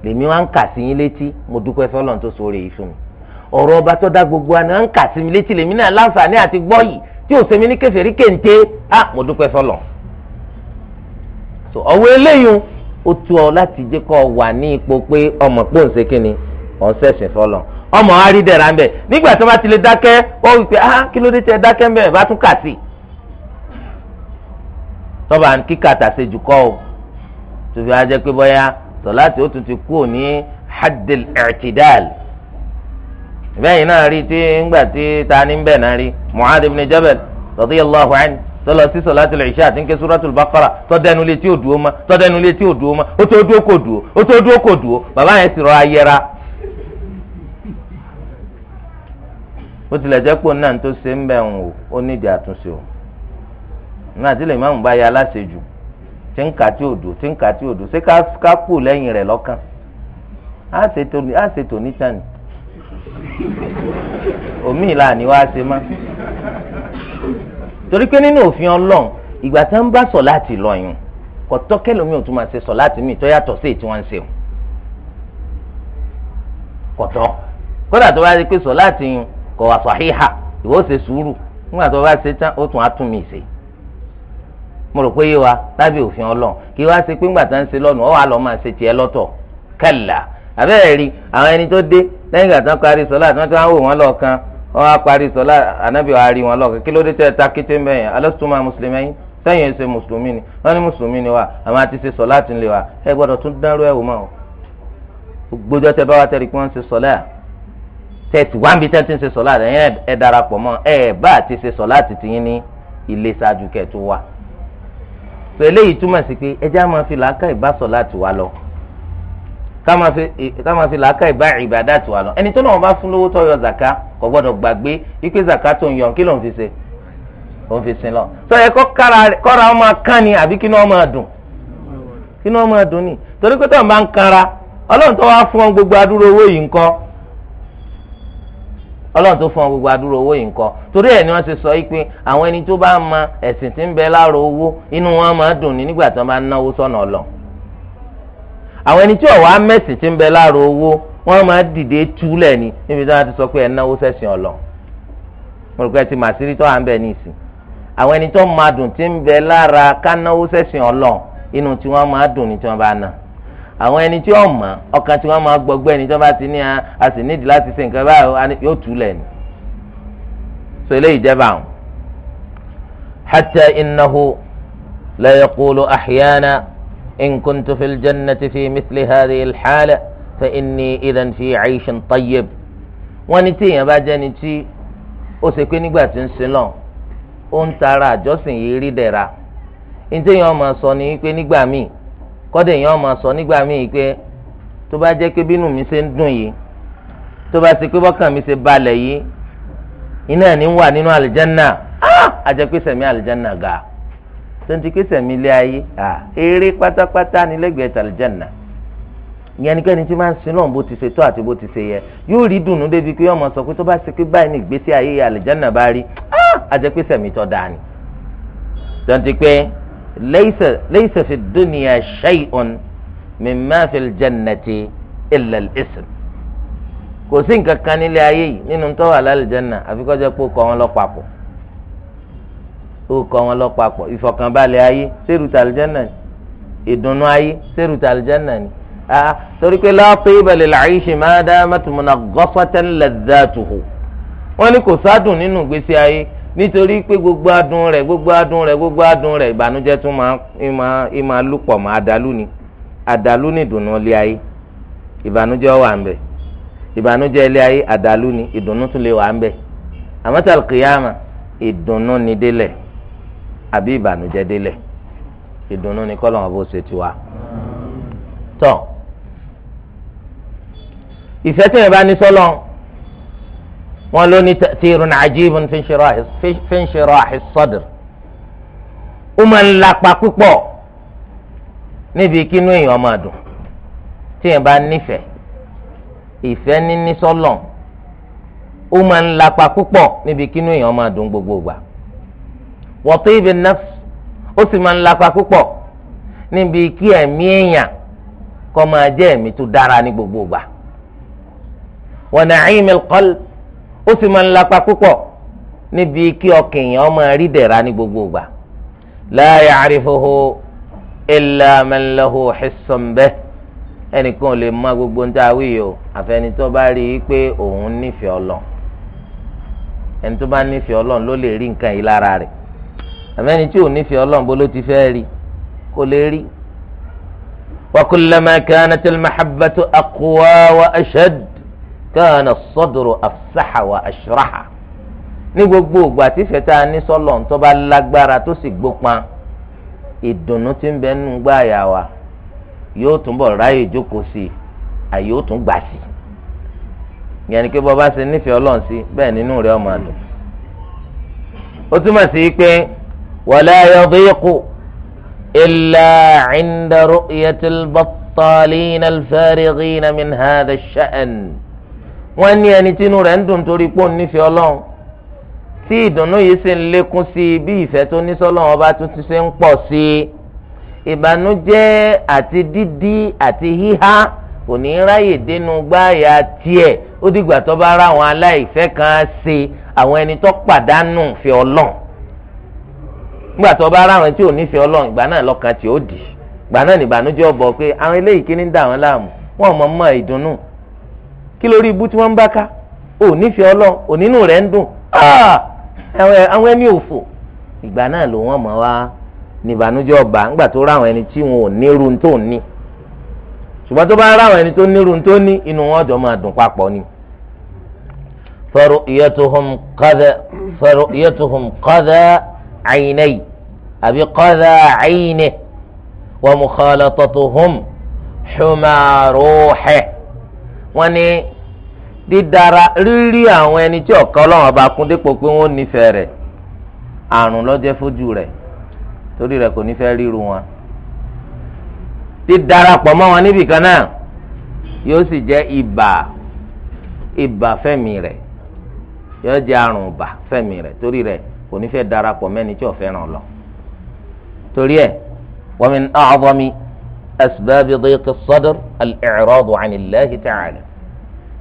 lèmi wá ń kà sí létí mo dúpẹ́ tó ọba tó dá gbogbo wa ni wọ́n ń kà létí lèmi náà láǹfààní àti gbọ́ yìí tí ò sẹ́mi ní kẹfẹ́ rí kéńté á mo dúpẹ́ ọ̀wọ́ ọ láti jẹ́ kó wà ní ọ̀sẹ̀sìn fọlọ̀ ọmọ wa rí dẹ̀ra ń bẹ̀ nígbà tó bá ti lè dákẹ́ ó wí pé ah kí ló dé tẹ dákẹ́ ń bẹ̀ bá tún kà sí. tọ́ba kíkà tàṣejù kọ́ o tóbi á jẹ́ pé bọ́yá sọ̀láàtì ó tún ti kú ní haddil i'tidal bẹ́ẹ̀ náà rí tí ńgbà tí ta ní bẹ́ẹ̀ náà rí Mu'adh ibn Jabal radiyallahu anhu tọ́lọ sí sọ̀láàtì ìṣá àti nké suratul baqara tọ́dẹ́nu létí òdùó ma tọ́dẹ́nu létí òdùó ma ó tó dúó kò dúó ó tó dúó kò dúó bàbá yẹn sì rọra yẹra bó tilẹ̀ jẹ́ pé náà tó ṣe ń bẹ̀ ń wò ó nídìí àtúnṣe o nígbà tí lè máàmù bá ya aláṣejù tí ń kà tí òdò tí ń kà tí òdò ṣé ká kù lẹ́yìn rẹ̀ lọ́kàn á ṣe tò níta ni omi ìlà ni wàá ṣe má torí pé nínú òfin ọlọ́run ìgbà tí wọ́n bá sọ láti lọ́yún kò tọ́kẹ́ lómi ò tún máa ṣe sọ láti mí tó yàtọ̀ sí èyí tí wọ́n ń ṣe o kò tọ́ kódà tó bá rí pé sọ láti yun kò wà sàhíhà ìwọ ṣe sùúrù nígbà tó bá ṣe tán ó tún á tún mi ṣe mo rò pé yé wa lábẹ́ òfin ọlọ́run kí wá ṣe pé ńgbà tá ń ṣe lọ́nu ọ wà lọ́ọ́ máa ṣe tiẹ̀ lọ́tọ̀ kẹ́là àbẹ́rẹ́ rí àwọn ẹni tó dé lẹ́yìn ìgbà tán parí sọ́lá tí wọ́n ti wá ń wò wọ́n lọ́ọ̀kan wọ́n á parí sọ́lá ànábì wa rí wọn lọ́ọ̀kan kí ló dé tẹ́ ta kété mẹ́yìn alásùmá mùsùlùmí ẹ̀yìn sẹ́yìn ẹ̀ṣẹ̀ mùsùlùmí ni wọ́n ní mùsùlùmí ni wa àwọn àti ṣe sọ́lá ti ń lè wa ẹ gbọ́dọ̀ tún dánrú ẹ̀ wò mọ́ o gbójọ́ tẹ bá wa tẹ̀rí pé wọ́n ń ṣe sọ́lá tẹ̀tù wá ń bi tẹ́tí ń ṣe sọ́lá rẹ̀ yẹn ẹ darapọ̀ mọ́ ẹ bá àti ṣe sọ́lá ti ti yín ní ilé ṣáájú kẹtù wa. sọ eléyìí túmọ̀ sí pé ẹjẹ́ á máa fi làákà ìbá sọ́lá ti wa lọ ká máa fi làákà ìbá ìbàdà ti wa lọ ẹni tó náà bá fún lówó tó yọ zàká kò gbọ́dọ̀ gbàgbé wípé zàká tó ń yọ kí ló ń fi ṣe ó ń fi sin lọ. sọ yẹ kọ́ra ọmọ kan ni àbí kí wọ́n máa dùn kí wọ́n máa dùn ọlọ́run tó fún ọ gbogbo adúrò owó yìí nǹkan torí ẹ̀ ni wọ́n ti sọ yìí pé àwọn ẹni tó bá mọ ẹ̀sìn tí ń bẹ láàrọ̀ owó inú wọn máa dùn ní nígbà tí wọ́n bá náwó sọ́nà ọ̀lọ́ àwọn ẹni tí ọ̀wá mẹ́sìn tí ń bẹ láàrọ̀ owó wọ́n máa dìde túlẹ̀ ni níbi tí wọ́n ti sọ pé ẹ̀ náwó sẹ́sìn ọ̀lọ́ mo rò pé ti màsírí tó à ń bẹ ní ìsìn àwọn ẹni tó máa àwọn ẹni tí wọ́n mọ̀ ọkàn tí wọ́n máa gbọgbọ ẹni tí wọ́n bá ti ní a sì nídìí láti ṣe nǹkan báyìí yóò tú lẹ ni so eléyìí jẹba àwọn. hatta innahu la yaqulu ahyana in kuntu fil jannati fi mithli hadhihi al-hala fa inni idhan fi 'ayshin tayyib. wọ́n ní tí èèyàn bá jẹ́ni tí ó ṣe pé nígbà tí ń sin lọ ó ń tara àjọsìn yìí rí dẹ̀ra ní tí èèyàn máa sọ ni wípé nígbà míì kọ́dẹ̀ yẹn ọmọ sọ nígbà míì pé tó bá jẹ́ pé bínú mi ṣe ń dùn yìí tó bá ṣe pé bọ́kàn mi ṣe balẹ̀ yìí iná ní wà nínú àlìjánná á ah! jẹ́ pé sẹ̀mí àlìjánná ga tó ń ti pé sẹ̀mí ilé ayé eré pátápátá ní lẹ́gbẹ̀ẹ́ tàlìjánná ìyẹn nìkẹ́ni tí máa ń sin náà bó ti ṣe tó àti bó ti ṣe yẹ yóò rí dùnú débi pé ọmọ sọ pé tó bá ṣe pé báyìí ní ìgbésí ayé àlìjánná bá rí á ah! jẹ́ pé sẹ̀mí tó dáa ni tó pé ليس في الدنيا شيء مما في الجنة إلا الاسم kò sí nǹkan kan nílé ayé yìí nínú tó wà lálùjẹ́nà àfikọ́jọ́ pé ó kọ́ wọn lọ́pàpọ̀ ó kọ́ wọn lọ́pàpọ̀ ìfọ̀kànbalẹ̀ ayé sẹ́rù tàlùjẹ́nà ni ìdùnnú ayé sẹ́rù tàlùjẹ́nà ni torí pé láàpẹ́ ìbẹ̀lẹ̀ làyè ṣe máa dá mẹ́tùmọ́nà gọ́sọ́tẹ́ńlẹ̀ dáàtùhù wọ́n ní kò sádùn nínú ìgbésí ayé nítorí pé gbogbo adùn rẹ̀ gbogbo adùn rẹ̀ gbogbo adùn rẹ̀ ìbànújẹ́ tún máa ìmà ìmà lùpọ̀ mọ́ àdàlú ni àdàlú ni ìdùnnú ilé ayé ìbànújẹ́ wà ń bẹ ìbànújẹ́ ilé ayé àdàlú ni ìdùnnú tún lè wà ń bẹ àmọ́tàl kìyàmà ìdùnnú ni délẹ̀ àbí ìbànújẹ́ délẹ̀ ìdùnnú ni kọ́ lọ́wọ́ bó ṣe ti wá. tọ́ ìfẹ́ tẹ̀yẹ̀ bá ní sọ́lọ́n wọn ló ní ta'thirun ajibun fi inshirahi sadr ó máa ń lapa púpọ̀ níbi kínú èèyàn máa dùn tí èèyàn bá nífẹ̀ẹ́ ìfẹ́ níní sọ́lọ̀ ó máa ń lapa púpọ̀ níbi kínú èèyàn máa dùn gbogbo ìgbà wa tibin nafs ó sì máa ń lapa púpọ̀ níbi kí ẹ̀mí èèyàn kó máa jẹ́ ẹ̀mí tó dára ní gbogbo ìgbà wa na'imil qalb ó sì máa ń lapa púpọ̀ níbi kí ọkàn ó máa rí dẹ̀ra ní gbogbo ìgbà la ya'rifuhu illa man lahu hissun bih ẹnìkan ò lè mọ gbogbo ń tá a wí yìí o àfẹni tó bá rí i pé òun nífẹ̀ẹ́ Ọlọ́run ẹni tó bá nífẹ̀ẹ́ Ọlọ́run ló lè rí nǹkan yìí lára rẹ̀ àfẹni tí ò nífẹ̀ẹ́ Ọlọ́run bó ló ti fẹ́ rí kó lè rí. wa kullama kanat al-mahabbatu wa ashad kana sọ́dọ̀rọ̀ afṣáhà wa aṣọ́ráhà ní gbogbo ògbà tí fẹ́tà ní sọ́lọ̀ tó bá lágbára tó sì gbópan ìdùnnú tí ń bẹ nínú gbá àyà wa yóò túnbọ̀ ráyè jókòó sí i àyè ó tún gbà sí i yẹn ni pé bọ́ba ṣe nífẹ̀ẹ́ ọlọ́run sí bẹ́ẹ̀ nínú rẹ̀ ọmọ àdùn ó túmọ̀ sí pé wala yadiqu illa 'inda ru'yatil battalina al-farigina min hadha ash-sha'n wọ́n ní ẹni tínú rẹ̀ ń dùn torí pé òun nífẹ̀ẹ́ ọlọ́run tí ìdùnnú yìí sì ń lékún sí i bí ìfẹ́ tó ní sọ́lọ́run ọba tún ti ṣe ń pọ̀ sí i ìbànújẹ́ àti dídí àti híhá kò ní ráyè dénú gbáàyà tiẹ̀ ó dìgbà tó bá rá àwọn aláìfẹ́ kan ṣe àwọn ẹni tó pàdánù fi ọlọ́run nígbà tó bá rá àwọn tí ò nífẹ̀ẹ́ ọlọ́run ìgbà náà lọ́kàn tí ó dì ìgbà náà nìbànújẹ́ ọ̀bọ̀ pé àwọn eléyìí kí ní dà wọ́n láàmú wọ́n mọ̀ mọ́ ìdùnnú kí lórí ibú tí wọ́n ń bá ká ò nífẹ̀ẹ́ ọlọ́run ònínú rẹ̀ ń dùn ah! àwọn ẹni òfò ìgbà náà ló wọ́n mọ̀ wá níbànújẹ́ ọba ńgbà tó ráwọn ẹni tí wọn ò nírú tó ní ṣùgbọ́n tó bá ráwọn ẹni tó nírú tó ní inú wọn jọ máa dùn papọ̀ ni. فرؤيتهم قذا فرؤيتهم قذا عيني أبي قذا عينه ومخالطتهم حمى روحه wọ́n ní dídára rírí àwọn ẹni tí ọ̀kan ọlọ́run ọba kún dépò pé wọ́n nífẹ̀ẹ́ rẹ̀ àrùn lọ́jẹ́ fojú rẹ̀ torí rẹ̀ kò nífẹ̀ẹ́ ríru wọn dídarapọ̀ mọ́ wọn níbì kan náà yóò sì jẹ́ ibà ibà fẹ́mi rẹ̀ yóò jẹ́ àrùn ibà fẹ́mi rẹ̀ torí rẹ̀ kò nífẹ̀ẹ́ darapọ̀ mẹ́ni tí ó fẹ́ràn lọ torí ẹ̀ wa min a'zami asbab dhiq as-sadr al-i'rad 'an Allah ta'ala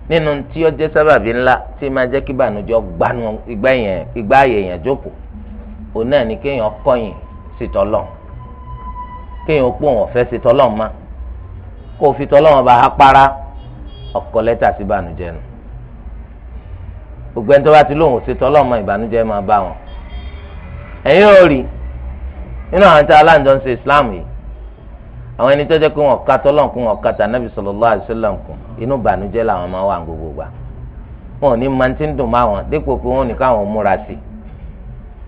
nínú tí ó jẹ́ sábàbí ńlá tí máa jẹ́ kí ìbànújẹ́ gbanu ìgbà yẹ̀yàn jókòó òun náà ni kéèyàn kọ̀yìn sí tọ́lọ̀ kéèyàn pò wọ́n fẹ́ sí tọ́lọ̀ mọ́ kó o fi tọ́lọ̀ wọn bá apara ọkọ lẹ́tà sí ìbànújẹ́ nù gbogbo ẹni tó bá ti lóhùn sí tọ́lọ̀ mọ́ ìbànújẹ́ máa bá wọn ẹ̀yin ò rí nínú àwọn tí aláǹjọ ń ṣe Islam yìí àwọn ẹni tó jẹ́ pé wọn ka tọ́lọ̀ kún wọn ka tà nàbì sallallahu alaihi wasallam kún inú bànújẹ́ làwọn máa wà gbogbo gbà wọn ò ní máa ti ń dùn máa wọn dípò pé wọn ò ní káwọn múra sí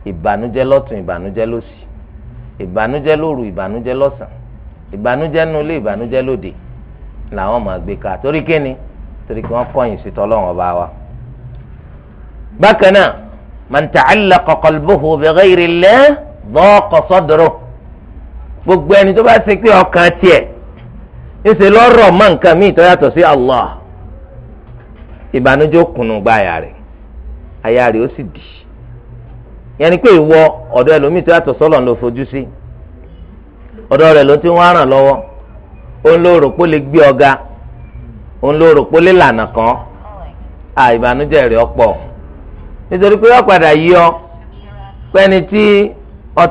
ìbànújẹ́ lọ́tún ìbànújẹ́ lósì ìbànújẹ́ lóru ìbànújẹ́ lọ́sàn ìbànújẹ́ nulẹ ìbànújẹ́ lóde làwọn máa gbé ká torí kíni torí kí wọn kọ̀yìn sí tọlọ́run ọba wa. bákan náà man ta'allaqa qalbuhu bi ghayri Allah daqa gbogbo ẹni tó bá ṣe pé ọkàn tiẹ̀ ńṣe lọ́rọ̀ nǹkan míì tó sí Allah ìbànújẹ òkùnù gba àyà rẹ̀ àyà rẹ̀ ó sì dì yẹn ni pé ìwọ ọ̀dọ̀ ẹlòmíì tó yàtọ̀ sọ́lọ̀ ló fojú sí ọ̀dọ̀ rẹ̀ ló ti ràn pé ó lè gbé pé ó lè lànà kan à nítorí pé ó padà yí ọ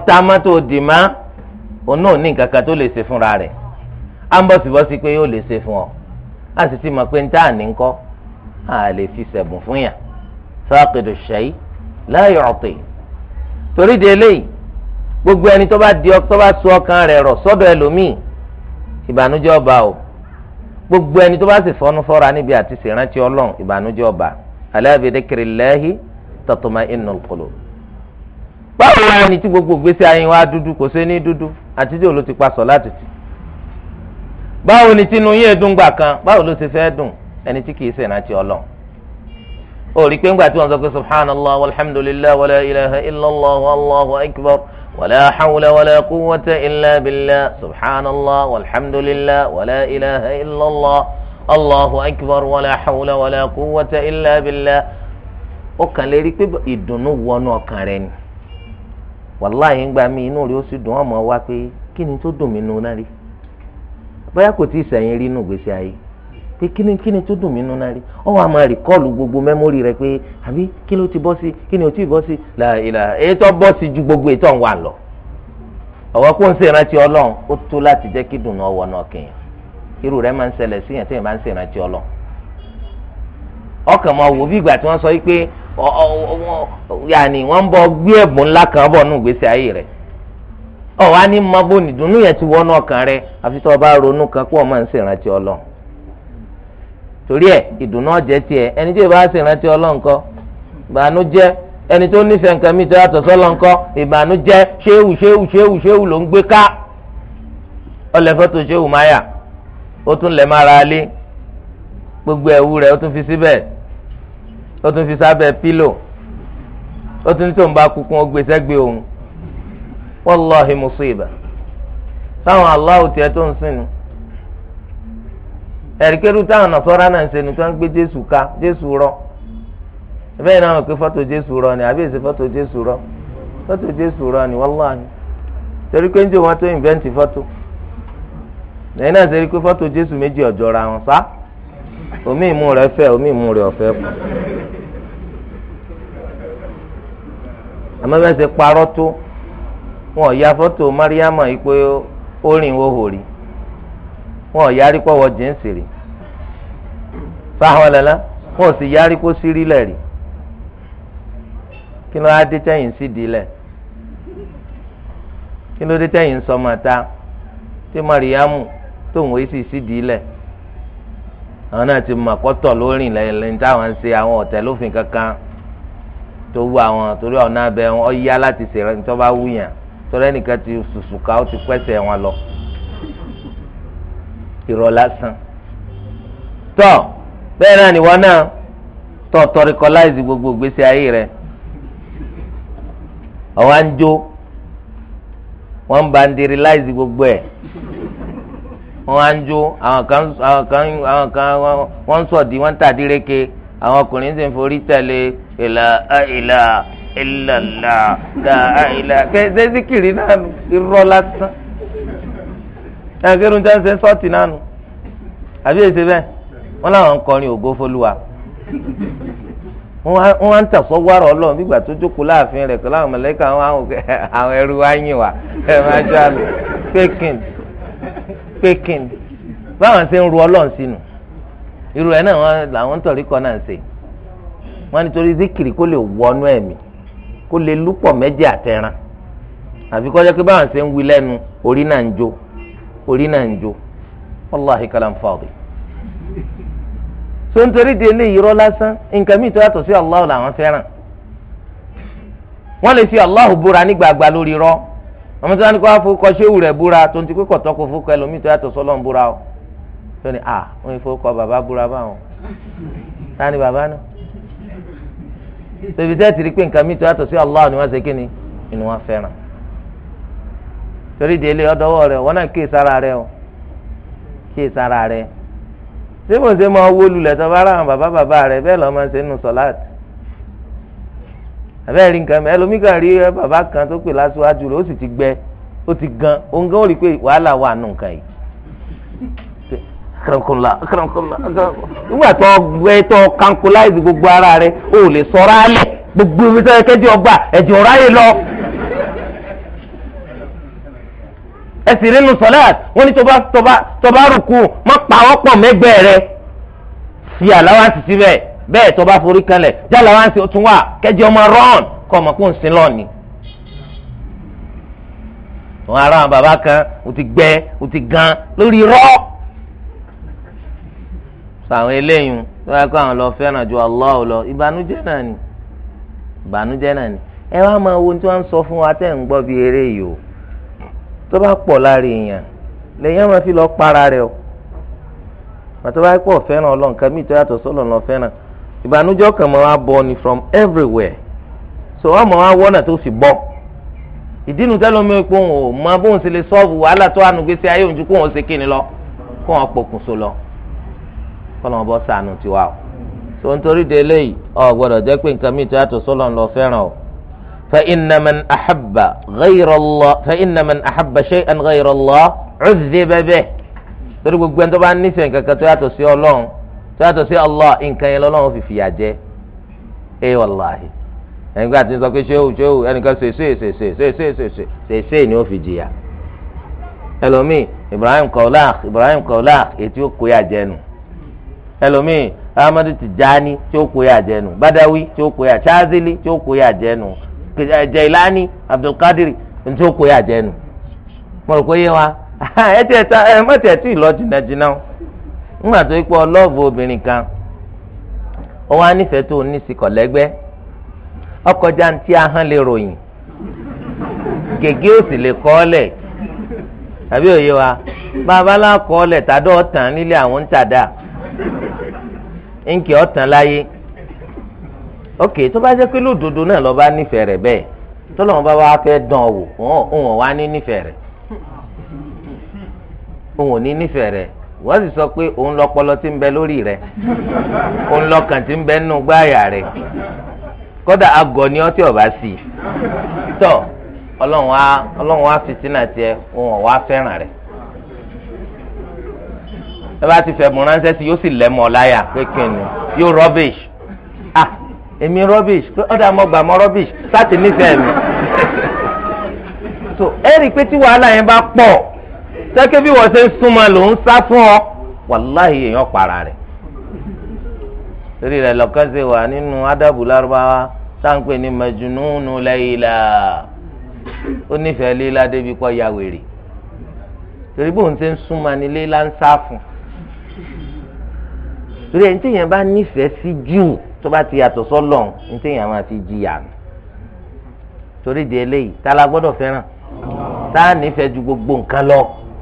òun náà ní nǹkan kan tó lè ṣe fúnra rẹ̀ á ń bọ̀sibọ́sí pé yóò lè ṣe fún ọ á sì ti mọ̀ pé ń tá à ní kọ́ á lè fi ṣẹ̀bùn fún yàn sáàkìdù ṣẹ́yí láàyò ọ̀tẹ̀ torí de eléyìí gbogbo ẹni tó bá di ọ tó bá so ọkàn rẹ̀ rọ̀ sọ́dọ̀ ẹlòmíì ìbànújẹ́ ọba o gbogbo ẹni tó bá sì fọnú fọ́ra níbi àti ṣèrántí Ọlọ́run ìbànújẹ́ ọba ala bi dhikrillahi tatma'innul qulub báwo wá ni tí gbogbo gbèsè ayé wa dúdú kò sí ní dúdú àti tí olóòtú pa sọ láti tì báwo ni tinú yín dùn gbà kan báwo ló ti fẹ́ dùn ẹni tí kìí sẹ̀ náà ti ọlọ́ o rí pé ńgbà tí wọ́n sọ pé subhanallah walhamdulillah wala ilaha illallah wallahu akbar wala hawla wala quwwata illa billah subhanallah walhamdulillah wala ilaha illallah allahu akbar wala hawla wala quwwata illa billah ó kàn lè rí pé ìdùnnú wọnú ọkàn rẹ ni. wàláhì ń gba mi inú rẹ ó sì dùn ọmọ wa pé kí ni tó dùn mí nu náà kò tí ì sẹ́yìn rí inú gbèsè pé kí tó dùn mí nu náà rí ọ wà máa rìkọ́ọ̀lù gbogbo mẹ́mórì rẹ pé àbí kí o ti bọ́ sí kí ni o tí bọ́ sí là èyí tó bọ́ ju gbogbo wà lọ ọ̀wọ́ kó ń ọlọ́run ó tó láti jẹ́ kí dùn náà náà irú rẹ máa ń ṣẹlẹ̀ síyàn ń ọlọ́run ọkàn máa wò yàní wọ́n ń bọ gbé ńlá kan bọ̀ nù gbèsè ayé rẹ̀ ọ̀ wá ní mọ yẹn ti wọnú ọkàn rẹ̀ àfi tó bá ronú kan pọ̀ máa ń ṣèrántí ọlọ́run torí ẹ̀ ìdùnnú ọ̀jẹ̀ tiẹ̀ ẹni tí o bá ẹni tó nǹkan mi tó ṣéwù ṣéwù ṣéwù ṣéwù ló ń gbé ká ṣéwù gbogbo rẹ ó tún ó tún fi pilo pílò ó tún ní tóun bá kú ó gbé òun wallahi musiba táwọn aláwọ̀ tiẹ̀ tó ń sìn nu táwọn náà ń tó ń gbé jésù ká jésù rọ bẹ́ẹ̀ náà pé fọ́tò jésù rọ ni àbí èsì fọ́tò jésù rọ fọ́tò jésù rọ ni wallahi torí pé ń jẹ́ wọn tó ìnvẹ́ǹtì fọ́tò lẹ́yìn náà ṣe pé fọ́tò jésù méjì wọn sá. omi ìmú rẹ fẹ omi ìmú rẹ ọfẹ kù tó wọn ya fọ́tò mariama yìí pé ó rìn wóhò rí wọn yarí pọ̀wọ́ jíǹsì rí fáwọn lẹ́la wọn sì yarí kó sírí lẹ̀ rí kí ló á dé sí dilẹ̀ kí ló dé tẹ́yìn sọmọ mariamu tóun sí àwọn náà ti mọ àkọ́tọ̀ lórí lẹ́yìn táwọn ń ṣe àwọn ọ̀tẹ̀ lófin kankan tó wú àwọn torí ọ̀nà abẹ wọn ọ̀yá láti ṣèrè ní tó bá wúyàn torí ẹnìkan ti sùsùkà ó ti pẹ́sẹ̀ wọn lọ irọ́ lásán tọ́ bẹ́ẹ̀ náà nìwọ náà tọ́ tọrikọ́láìsì gbogbo ìgbésí ayé rẹ̀ ọ̀wá ń jó wọ́n ń bandiriláìsì gbogbo ẹ̀ wọn á ń jó àwọn kan àwọn kan àwọn kan wọn ń sọ̀dí wọn ń tàdíreke àwọn ọkùnrin sì ń forí tẹ̀lé ìlà ìlà ìlàlà ìlà ìlà kẹsẹ́ síkìrì náà irọ́ lásán ẹ̀kẹ́rù ń jẹ́ ń ṣe sọ́ọ̀tì náà nù àbí èsì bẹ́ẹ̀ wọ́n láwọn ń kọrin ògo fọlùwà wọ́n wá ń tẹ̀sọ́wárọ̀ ọlọ́run nígbà tó jókòó láàfin rẹ̀ pẹ̀lú àwọn mọ̀lẹ́kà àwọn ẹrú wa yìn wá ẹ̀ máa jẹ́ àlọ́ pékin pé kíni báwọn ṣe ń ru ọlọ́run sínú irú ẹ̀ náà wọn làwọn tọ̀rí kọ́ náà ṣe zikiri kó lè wọnú ẹ̀mí kó lè lúpọ̀ méjì àfi pé báwọn ṣe ń wí lẹ́nu orí náà ń jó orí náà ń jó wàláhi so nítorí di eléyìí irọ́ lásán nǹkan mìíràn tó yàtọ̀ sí Allah làwọn fẹ́ràn wọ́n lè ọmọ tí wọn kọ́ afọkọ ṣéwù rẹ̀ búra tó ń ti pé kọ̀tọ́ kó fọkọ ẹlòmíì tó yàtọ̀ sọ́lọ́ ń búra o tó ní à wọn ìfowókọ bàbá búra báwọn ta ni bàbá ni, tòbí tẹ́tì pé nǹkan mi tó yàtọ̀ sí Allah ni wọ́n ṣe kíni inú wọn fẹ́ràn torí délé ọdọwọ rẹ wọn náà kíyè sára rẹ o kíyè sára rẹ ṣé mo ṣe máa wó lulẹ̀ tó bá ra àwọn bàbá bàbá rẹ bẹ́ẹ̀ lọ́ọ́ máa ṣe nù sọ̀láàtì àbẹ́rẹ́ rí nǹkan mẹ́ ẹlòmíì kan rí bàbá kan tó pè láṣíwájú rẹ̀ ó sì ti gbẹ ó ti gan òun gan ó rí i pé wàhálà wà nù nǹkan yìí kìrìkùnlá kìrìkùnlá nígbà tó gbẹ tó kankuláìsì gbogbo ara rẹ ó lè sọ̀rọ̀ alẹ́ gbogbo ibi tó yẹ kẹ́jọ́ ọgbà ẹ̀jẹ̀ ọ̀rá yìí lọ. ẹ sì rí nu sọláàt wọn ní tọba tọba tọba rùkù má pa ọ́pọ̀ mẹ́gbẹ́ rẹ sí àláwá sì síbẹ̀ bẹ́ẹ̀ tó bá forí kanlẹ̀ jálá wá ń ṣe tún wà kẹjọ ọmọ rọ́ọ̀n kọ́ ọmọ kó ń sin lọ́ọ̀ni. wọn ará àwọn bàbá kan ó ti gbẹ ó ti gan lórí rọ́ sàwọn eléyìí tó yẹ kó àwọn lọ fẹ́ràn ju Allah lọ ìbànújẹ́ náà ni ìbànújẹ́ náà ni ẹ wá máa wo tí wọ́n ń sọ fún wa tẹ́ ń gbọ́ bí eré yìí o tó bá pọ̀ lára èèyàn lèèyàn máa fi lọ para rẹ̀ o pàtó bá pọ̀ fẹ́ràn ọlọ́nkà míì tó yàtọ̀ sọ́lọ́ lọ fẹ́ràn ìbànújẹ́ kan máa wá bọ ni from everywhere so wọ́n máa wá wọ́nà tó sì bọ́ ìdínú tẹ́lómi pé òun ò mọ bóun ṣe lè sọ́ọ̀bù wàhálà tó àánú gbèsè ayé òun ju kóun ṣe kíni lọ kóun pokùn so lọ kọ́lọ́mọ bọ́ sànù tiwa o so nítorí de eléyìí ọ gbọ́dọ̀ jẹ́ pé nǹkan mìíràn tó yàtọ̀ sọ́lọ́ ńlọ fẹ́ràn o fa inna man ahabba ghayra Allah fa inna man ahabba shay'an ghayra Allah 'udhiba bihi torí gbogbo ẹni tó bá nífẹ̀ẹ́ nǹkan kan tó yàtọ̀ sí Ọlọ́run tó yàtọ̀ sí Allah nǹkan yẹn lọ́lọ́run fi fìyà jẹ ẹ wàláhì nígbà tí n sọ pé ṣéwù ṣéwù ẹnìkan ṣe ṣe ṣe ṣe ṣe ṣe ṣe ṣe ṣe ṣe ni ó fi jìyà ẹlòmíì Ibrahim Kaulakh Ibrahim Kaulakh ètí ó kó yà jẹnu ẹlòmíì Ahmadu Tijani tí ó kó yà jẹnu Badawi tí ó kó yà Shazili tí ó kó yà jẹnu Jailani Abdulkadiri tí ó kó yà jẹnu mo rò pé yé wa *laughs* ẹ tiẹ̀ tí ì lọ jìnnà jìnnà o. ńgbà tó ikú ọlọ́ọ̀bù obìnrin kan ó wá nífẹ̀ẹ́ tó ní sí kọ̀lẹ́gbẹ́ ọkọjá ntí ahọ́n lè ròyìn gègé ò sì lè kọ́ lẹ̀ àbí òye wa babalá kọ́ ọ́lẹ̀ tàdọ́ ọ̀tàn nílé àwọn ń tàdá nkì ọ̀tàn láyé ok tó bá jẹ́ pé lódodo náà lọ bá nífẹ̀ẹ́ rẹ̀ bẹ́ẹ̀ tọ́lọ́mọba wa fẹ́ dán ọ wò wọ́n ò wá ní nífẹ̀ẹ́ rẹ̀ òun ò ní nífẹ̀ẹ́ rẹ̀ wọ́n sì sọ pé òun lọ́pọlọ tí ń bẹ lórí rẹ̀ òun lọ́kàn tí ń bẹ nínú gbáàyà rẹ̀ kódà agọ̀ ni ọtí ọba sí i tọ́ ọlọ́run wa ọlọ́run wa fìtínà tiẹ̀ òun ọ̀ wá fẹ́ràn rẹ̀ ẹ bá ti fẹ̀bùn ránṣẹ́ sí yóò sì lẹ́mọ̀ láyà pé kí ni yóò rubbish ah èmi rubbish ọ̀dà mo gbà mọ́ rubbish sáà ti nífẹ̀ẹ́ mi *laughs* so ẹ rí i pé tí wàhálà yẹn bá pọ̀ sẹ́kẹ́ bí wọ́n ṣe ń súnmọ́ ló ń sá fún ọ wàláhì èèyàn para rẹ̀ torí rẹ̀ lọ́kàn ṣe wà nínú ádàbù lárúbáwá táǹpẹ̀ ní mẹjùnúnú lẹ́yìnlá ó nífẹ̀ẹ́ líla débi kọ́ ya wèrè torí bóun ṣe ń súnmọ́ ni líla ń sá fún torí ẹni tí èèyàn bá nífẹ̀ẹ́ sí jù tó bá ti yàtọ̀ sọ́lọ̀ ní tí máa fi jìyà torí di eléyìí tá a la gbọ́dọ̀ fẹ́ràn tá nífẹ̀ẹ́ ju gbogbo nǹkan lọ.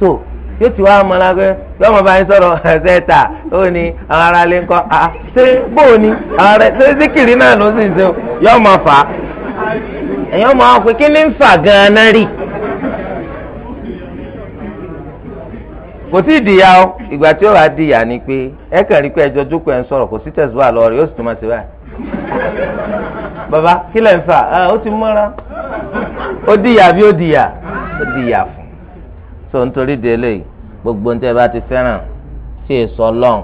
so yóò ti wá ọmọ lágbẹ́ yóò *laughs* ta ó ní àwọn ará ah, ni àwọn ará ṣé síkìrì náà ló sì ń ṣe yóò mọ̀ fà á èèyàn mọ̀ àwọn pé kí ni ń o ìgbà tí ó wàá ni pé ẹ kàn rí pé ẹjọ́ jókòó ẹ̀ ń sọ̀rọ̀ kò sí tẹ̀síwá lọ rẹ̀ yóò sì tún máa ṣe báyìí kí ń fà ah, ó ti mọ́ra ó bí ó so nítorí délé gbogbo nítorí bá ti fẹ́ràn tí èso ọlọ́run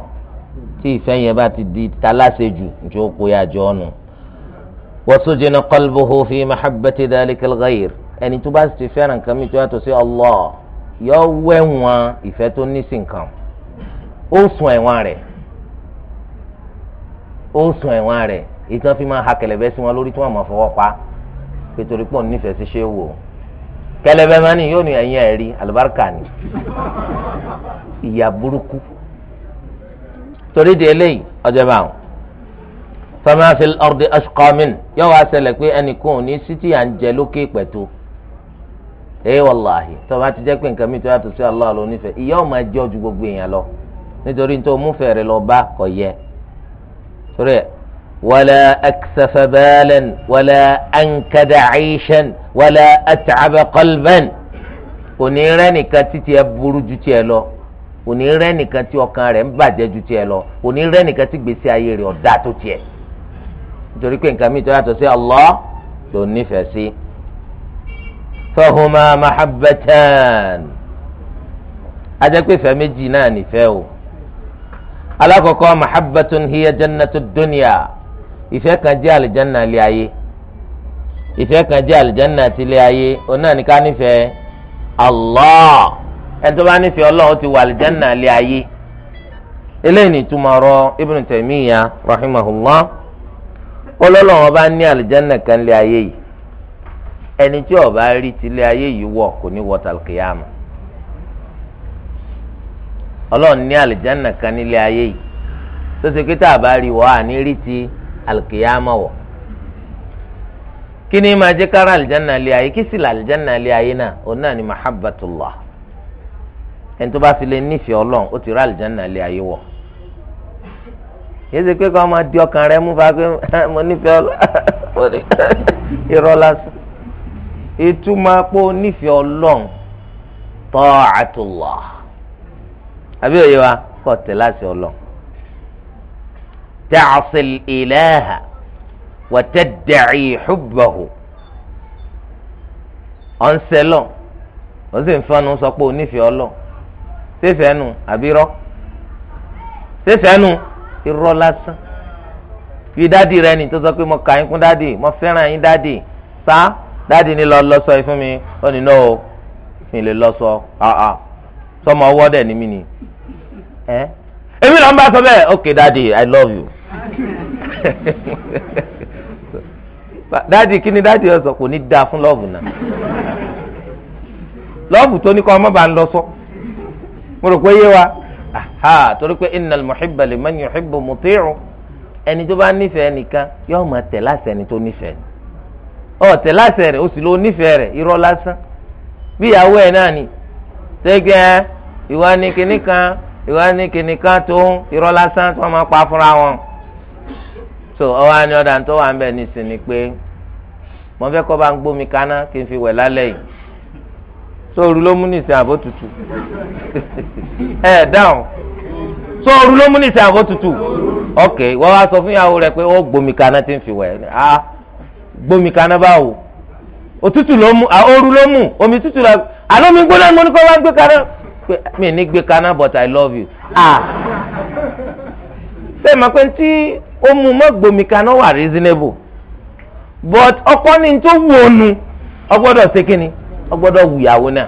tí ìfẹ́ yẹn bá ti di taláṣejù ju ó kóyà jọ ọ̀nù. wasujina qalbuhu fi mahabbati dhalikal ghayr ẹni tó bá ti fẹ́ràn kan mi tó yàtọ̀ sí Allah yọ wẹ̀wọ̀n ìfẹ́ tó ní sí nǹkan ó sùn ẹ̀wọ̀n rẹ̀ ó sùn ẹ̀wọ̀n rẹ̀ ìtàn fi máa ha kẹlẹ̀bẹ́ wọn lórí tí wọ́n máa fọwọ́ pa pé pọ̀ nífẹ̀ẹ́ sí ṣé wò ó kẹlẹbẹ mani yóò ní ẹyin ẹrí alibarika ni ìyà burúkú torí di eléyìí ọjọ́ bá wọn fama fil ardi ashqamin yóò wá ṣẹlẹ̀ pé ẹnìkan ò ní sítì à ń jẹ lókè pẹ̀tó ee wàláhì tọ́ba ti jẹ́ pé nǹkan mi tó yàtọ̀ sí Allah ló ìyá ò máa jẹ́ gbogbo èèyàn lọ nítorí nítorí mú fẹ̀rẹ̀ lọ bá kọ̀ yẹ torí ẹ̀ ولا أكسف بالا ولا أنكد عيشا ولا أتعب قلبا kò ní rẹ́ nìkan títí ẹ burú ju tiẹ̀ lọ kò ní rẹ́ nìkan tí ọkàn rẹ̀ ń bàjẹ́ ju tiẹ̀ lọ kò ní rẹ́ nìkan tí gbèsè ayé rẹ̀ ọ̀dà tó tiẹ̀ nítorí pé nǹkan mi tó yàtọ̀ sí Allah ló nífẹ̀ẹ́ sí. fahuma mahabbatan ajẹ́pẹ́fẹ́ méjì náà nífẹ̀ẹ́ o alákọ̀ọ́kọ́ mahabbatun hiya jannatu dunya. ìfẹ́ kan jẹ́ àlìjánná ilé ayé ìfẹ́ kan jẹ́ àlìjánná ti ilé ayé òun ni ká nífẹ̀ẹ́ Allah ẹni tó bá nífẹ̀ẹ́ ọlọ́run ti wà àlìjánná ilé ayé eléyìí ni ìtumọ̀ ọ̀rọ̀ Ibn Taymiyyah rahimahullah ọlọ́lọ́run bá ní àlìjánná kan ilé ayé yìí ẹni tí rí ti ilé ayé yìí wọ̀ kò ní wọ tàlùkìyàmù ọlọ́run ní kan ayé yìí tó ṣe pé tá alkiyama wọ̀ kí ni máa jẹ́ kára alìjánná lé ayé kí sì là alìjánná lé ayé náà òun náà ni mahabbatullah ẹni tó bá fi lè nífẹ̀ẹ́ ọlọ́run ó ti rà alìjánná lé ayé wọ̀ yéé ṣe pé kí ọkàn rẹ mú bá pé ah, mo nífẹ̀ẹ́ ọlọ́run *laughs* *laughs* lásán ìtumọ̀ pé ó nífẹ̀ẹ́ ọlọ́run ta'atullah àbí òye wa kọ́ láti ọlọ́run. تعصي الإله وتدعي حبه أنسلون وزين فانو سقو نفي الله سيفانو أبيرو sẹsẹnu irọ́ lásán fi dádì rẹ ni tó sọ pé mo kà yín kún dádì mo fẹ́ràn yín dádì sá dádì ni lọ lọ sọ yìí fún mi ó ní náà mi lè lọ sọ àà sọmọ ọwọ́ dẹ̀ ni mí ni ẹ èmi náà ń bá sọ bẹ́ẹ̀ ok dádì i love you *laughs* dáàdì kí ni dáàdì ọ̀sọ̀ kò ní dáa fún lọ́ọ̀bù náà lọ́ọ̀bù tó ní kọ́ ọmọ bá ń lọ sọ mo rò pé yé wa aha torí pé innal muhibba liman yuhibbu muti'u ẹni tó bá nífẹ̀ẹ́ nìkan yóò máa tẹ̀ láṣẹ ẹni tó nífẹ̀ẹ́ ni ọ̀ tẹ̀ láṣẹ rẹ̀ ó sì lọ nífẹ̀ẹ́ rẹ̀ irọ́ lásán bí ìyàwó ẹ̀ náà ni tẹ́gẹ́ ìwà ni kìnnìkan ìwà ni kìnnìkan tó irọ́ lásán tó máa pa fúnra wọn. so ọwọ́ àni ọ̀dà tó wà ń bẹ̀ nísìn ni pé mo fẹ́ kọ bá ń gbómi kaná kí n fi wẹ̀ lálẹ́ yìí sóoru ló mú nísìn àbó tutù *laughs* ẹ dáhùn sóoru ló mú nísìn àbó tutù ok wọ́n wá sọ fún ìyàwó rẹ̀ pé ó gbómi kaná tí ń fi wẹ̀ ah gbómi kaná báwo òtútù ló mú òru ló mú omi tútù la àlọ́ mi gbóná mo ní kọ́ wá gbé kaná mi ní gbé kaná but I love you ah. sẹ́yìn máa pé tí ó mu mọ́gbòmí kaná wà reasonable but ọkọ ọgbọ́dọ̀ wù ìyàwó náà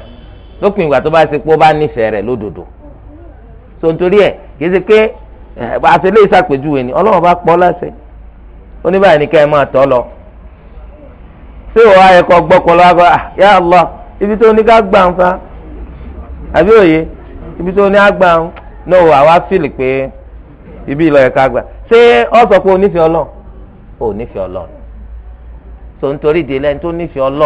lópin eh, ni ọlọ́run bá pọ́ ká máa tọ́ lọ ṣé ìwọ ayẹ kọ gbọ́kọ lọ́wọ́ yà ibi tó ní ká gbà ń fa àbí òye ibi tó ní gbà ibi ìlọ ẹ̀ka gbà ṣé ọ sọ pé ọlọ ọlọ́run ò nífẹ̀ẹ́ ọlọ́run tó ń torí tó nífẹ̀ẹ́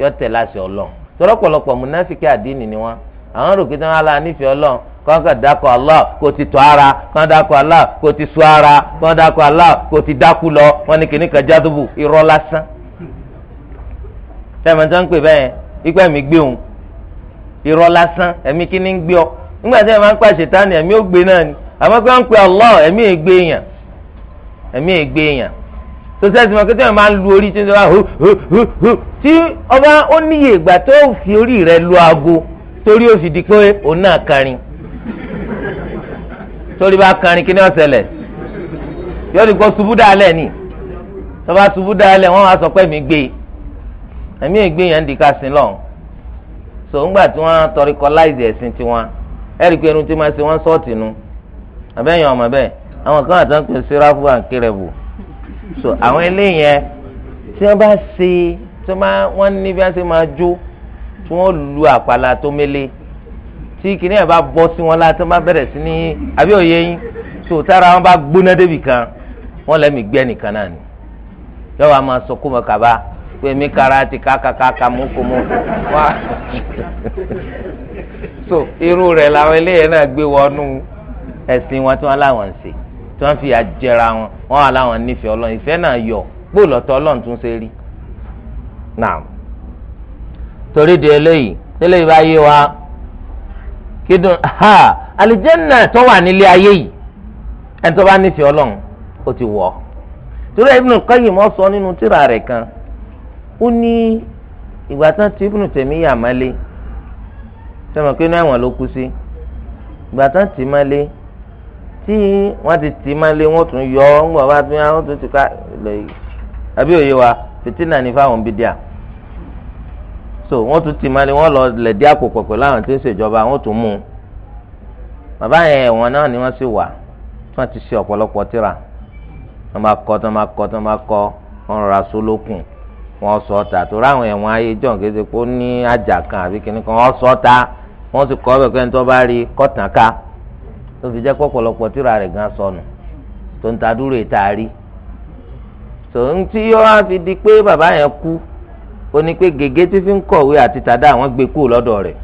yọ tẹ̀ láṣẹ ọlọ́run tọ́rọ múnáfíkì àdínì ni wọ́n àwọn rò tí wọ́n á nífẹ̀ẹ́ ọlọ́run kàn kàn dákọ̀ ti tọ́ ara dákọ̀ ti sọ ara dákọ̀ ti dákú lọ wọn ni kìnnìkan jádùbù irọ́ lásán ń pè bẹ́ẹ̀ ẹ̀mí gbé òun irọ́ lásán ẹ̀mí àmọ́ pé wọ́n ń pe Allah ẹ̀mí ègbé èèyàn ẹ̀mí ègbé èèyàn tó sẹ́sì mọ́ kété wọn máa ń lu orí tí wọ́n hu hu hu hó tí ọba ó níyè ìgbà tó fi orí rẹ̀ lu aago torí o sì di pé òun náà kárin torí bá kárin kí ni ó ṣẹlẹ̀ yóò di kó ṣubú ni tó bá ṣubú dálẹ̀ wọ́n máa sọ pé mi gbé ẹ̀mí ègbé yẹn ń di ká sin so ńgbà tí wọ́n tọrikọ́láìsì ẹ̀sìn tiwọn ẹ̀rí pé irun tí wọ́n ṣe wọ́n sọ́ọ̀tì nu. àbẹ́yẹn ọmọ bẹ́ẹ̀ àwọn kan àti wọn pè síráfù àkérèbù so àwọn eléyẹn tí wọ́n bá ṣe tí wọ́n ní bí wọ́n ṣe máa jó tí wọ́n lu àpàlà tó mélé tí kìnìyàn bá bọ́ sí wọn láti wọ́n bá bẹ̀rẹ̀ sí ní àbí òye yín so tára wọn bá gbóná débì kan wọ́n lẹ́mìí gbẹ́ nìkan náà ni yọ wa máa sọ kó mọ kaba pé mi kara ti kákàkàkà mú kó mú wá *laughs* so irú rẹ̀ làwọn eléyẹn náà gbé wọnú ẹ̀sìn wọn tí wọ́n láwọn ń ṣe tí wọ́n fi àjẹra wọn wọ́n wà láwọn nífẹ̀ẹ́ ọlọ́run ìfẹ́ náà yọ gbólọ́tọ̀ ọlọ́run tún ṣe rí náà torí di eléyìí nílé ìbá yé wa kídùn ha àlìjẹ́nà tó wà nílé ayé yìí ẹni tó bá nífẹ̀ẹ́ ọlọ́run ó ti wọ̀ ọ́ torí Ibn Qayyim sọ nínú tírà rẹ̀ kan ó ní ìgbà tán tí Ibn Taymiyyah mọ́lé sọmọ pé náà wọn ló kú sí ìgbà tán tí mọ́lé tí wọ́n ti ti máa lé wọ́n tún yọ ọ́ ńgbọ̀n bá tún wọ́n tún ti ká lẹ́yìn àbí òye wa fìtínà ní fáwọn bídíà so wọ́n tún ti máa lé wọ́n lọ lẹ̀dí àpòpọ̀ pẹ̀lú àwọn tí ń ṣèjọba wọ́n tún mú un bàbá yẹn ẹ̀wọ̀n náà ni wọ́n sì wà tí wọ́n ti ṣe ọ̀pọ̀lọpọ̀ wọ́n máa kọ́ máa kọ́ kan àbí kíní kan wọ́n sọ ọ́ta wọ́n kọ́ tó fi jẹ́ pọ̀pọ̀lọpọ̀ tíra rẹ̀ gan sọnù tó ń ta dúró ìtaari tòun tí yóò wá fi di pé bàbá yẹn kú ó ní pé gègé tí fi ń kọ̀wé àti tàdá àwọn gbé kú lọ́dọ̀ rẹ̀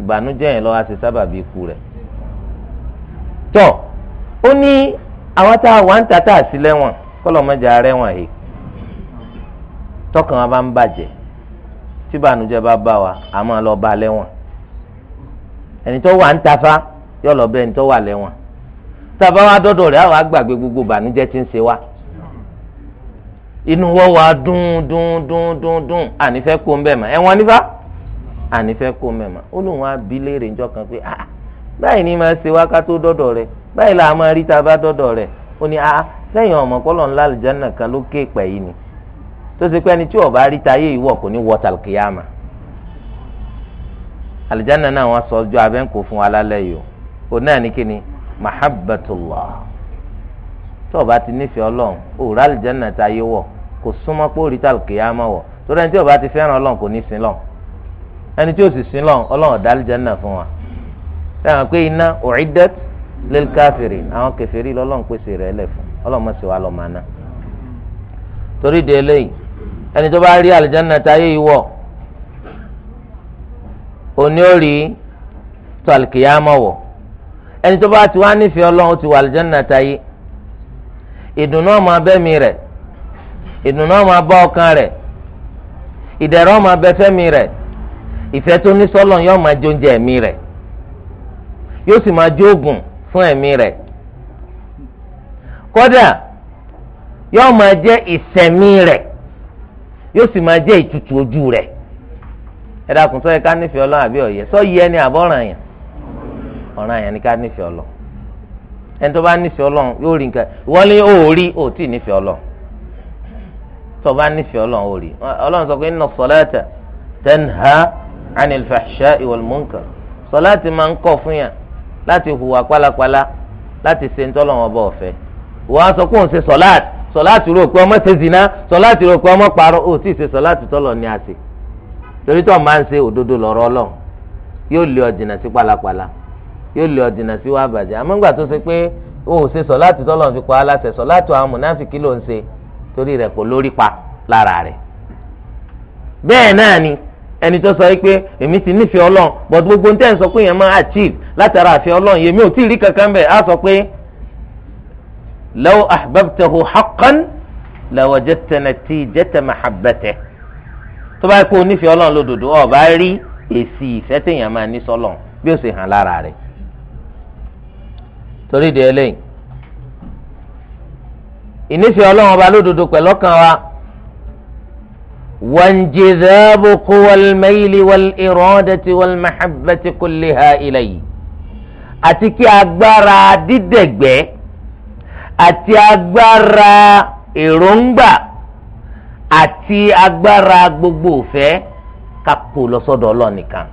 ìbànújẹ́ yẹn lọ́wọ́ á ṣe sábàbí ikú rẹ̀ tọ́ ó ní àwọn tá a wà ń tata àsìlẹ́wọ̀n kọ́lọ́mọjà rẹ̀wọ̀n yìí tọkàn wa bá ń bàjẹ́ tí ìbànújẹ́ bá bá wa a máa lọ bá lẹ́wọ̀n ẹni tafa yọlọ lọ bẹ́ẹ̀ ní tó wà lẹ́wọ̀n tàbá wa dọ́dọ̀ rẹ̀ àwọn àgbàgbé gbogbo bànújẹ́ ti ń ṣe wa inú wọ́ wa dún dún dún ànífẹ́ kó ń mọ́ ẹ̀wọ̀n nífà ànífẹ́ kó ń mọ́ léèrè kan pé ah báyìí ni máa ṣe wá ká tó dọ́dọ̀ rẹ̀ báyìí là á máa dọ́dọ̀ ah, kan ló ké ni tó ṣe pé ẹni tí ọba rí òun náà ní kíni mahabbatullah tó o bá ti nífẹ̀ẹ́ ọlọ́run òòrùn àlìjáná ta yé wọ̀ kò súnmọ́ pé orí tà kìyà máa wọ̀ torí ẹni tí o bá ti fẹ́ràn ọlọ́run kò ní sin lọ ẹni tí o sì sin ọlọ́run ọ̀dà àlìjáná fún wa sẹ́wọ̀n pé iná u'iddat lil àwọn kèfèrí lọ́lọ́run pèsè rẹ̀ lẹ̀ fún ọlọ́run mọ̀ sí wa lọ́ọ́ máa torí de eléyìí ẹni tó bá rí àlìjáná ta yé wọ̀ òní ó rí tàlùkìyà ẹni tó bá ti wá nífẹ̀ẹ́ ọlọ́run ti wà àlùjánnà táyé ìdùnnú ọmọ abẹ́mi rẹ̀ ìdùnnú ọmọ abọ́ ọkàn rẹ̀ ìdẹ̀rọ̀ ọmọ abẹ́fẹ́mi rẹ̀ ìfẹ́ tó ní sọ́lọ̀ yóò máa jó oúnjẹ ẹ̀mí rẹ̀ yóò sì máa jó oògùn fún ẹ̀mí rẹ̀ kódà yóò máa jẹ́ ìsẹ̀mí rẹ̀ yóò sì máa jẹ́ ìtutù ojú rẹ̀ ẹ̀dá kùn sọ ká nífẹ̀ẹ́ ọlọ́run àbí ọ̀yẹ́ sọ ni àbọ̀ràn yẹn ọ̀ràn yẹn ni ká nífẹ̀ẹ́ ọlọ ẹni tó bá nífẹ̀ẹ́ ọlọ yóò rí nǹkan wọlé òórí òtí nífẹ̀ẹ́ ọlọ tó bá nífẹ̀ẹ́ ọlọ òórí ọlọ́run sọ pé inna salata tanha anil fahsha'i wal munkar sọláàtì máa ń kọ̀ fún yàn láti hùwà pálapàla láti ṣe ń tọ́lọ̀ wọn bọ̀ ọ̀fẹ́ wọ́n á sọ pé òun ṣe sọláàtì sọláàtì rò pé ọmọ ṣe zina sọláàtì rò pé ọmọ yóò lè ọ̀dìnà sí wa bàjẹ́ àmọ́ ńgbà tó ṣe pé o ò ṣe sọ̀láàtì tọ́lọ̀ fi pa aláṣẹ sọ̀láàtì àwọn mùnáfìkì ló ń ṣe torí rẹ̀ kò lórí pa lára rẹ̀ bẹ́ẹ̀ náà ni ẹni tó sọ pé èmi ti nífẹ̀ẹ́ ọlọ́run but gbogbo ní ń sọ pé èèyàn máa achieve látara àfẹ́ ọlọ́run yèmí ò tí ì rí kankan bẹ́ẹ̀ á sọ pé law ahbabtahu haqqan lawajadta natijata mahabbatihi tó bá kó nífẹ̀ẹ́ ọlọ́run lódodo ọ̀ bá torí ìdí ẹlẹ́yìn ìnífẹ̀ẹ́ ọlọ́run ọba lódodo pẹ̀lú ọkàn wa wanjizabu kowalmeili walirọ́dẹ̀tì walmahabẹ́tì kulliha ilayi àti kí agbára dídẹ̀gbẹ́ àti agbára èròǹgbà àti agbára gbogbo òfẹ́ kápò lọ́sọ̀dọ̀ ọlọ́ọ̀nìkan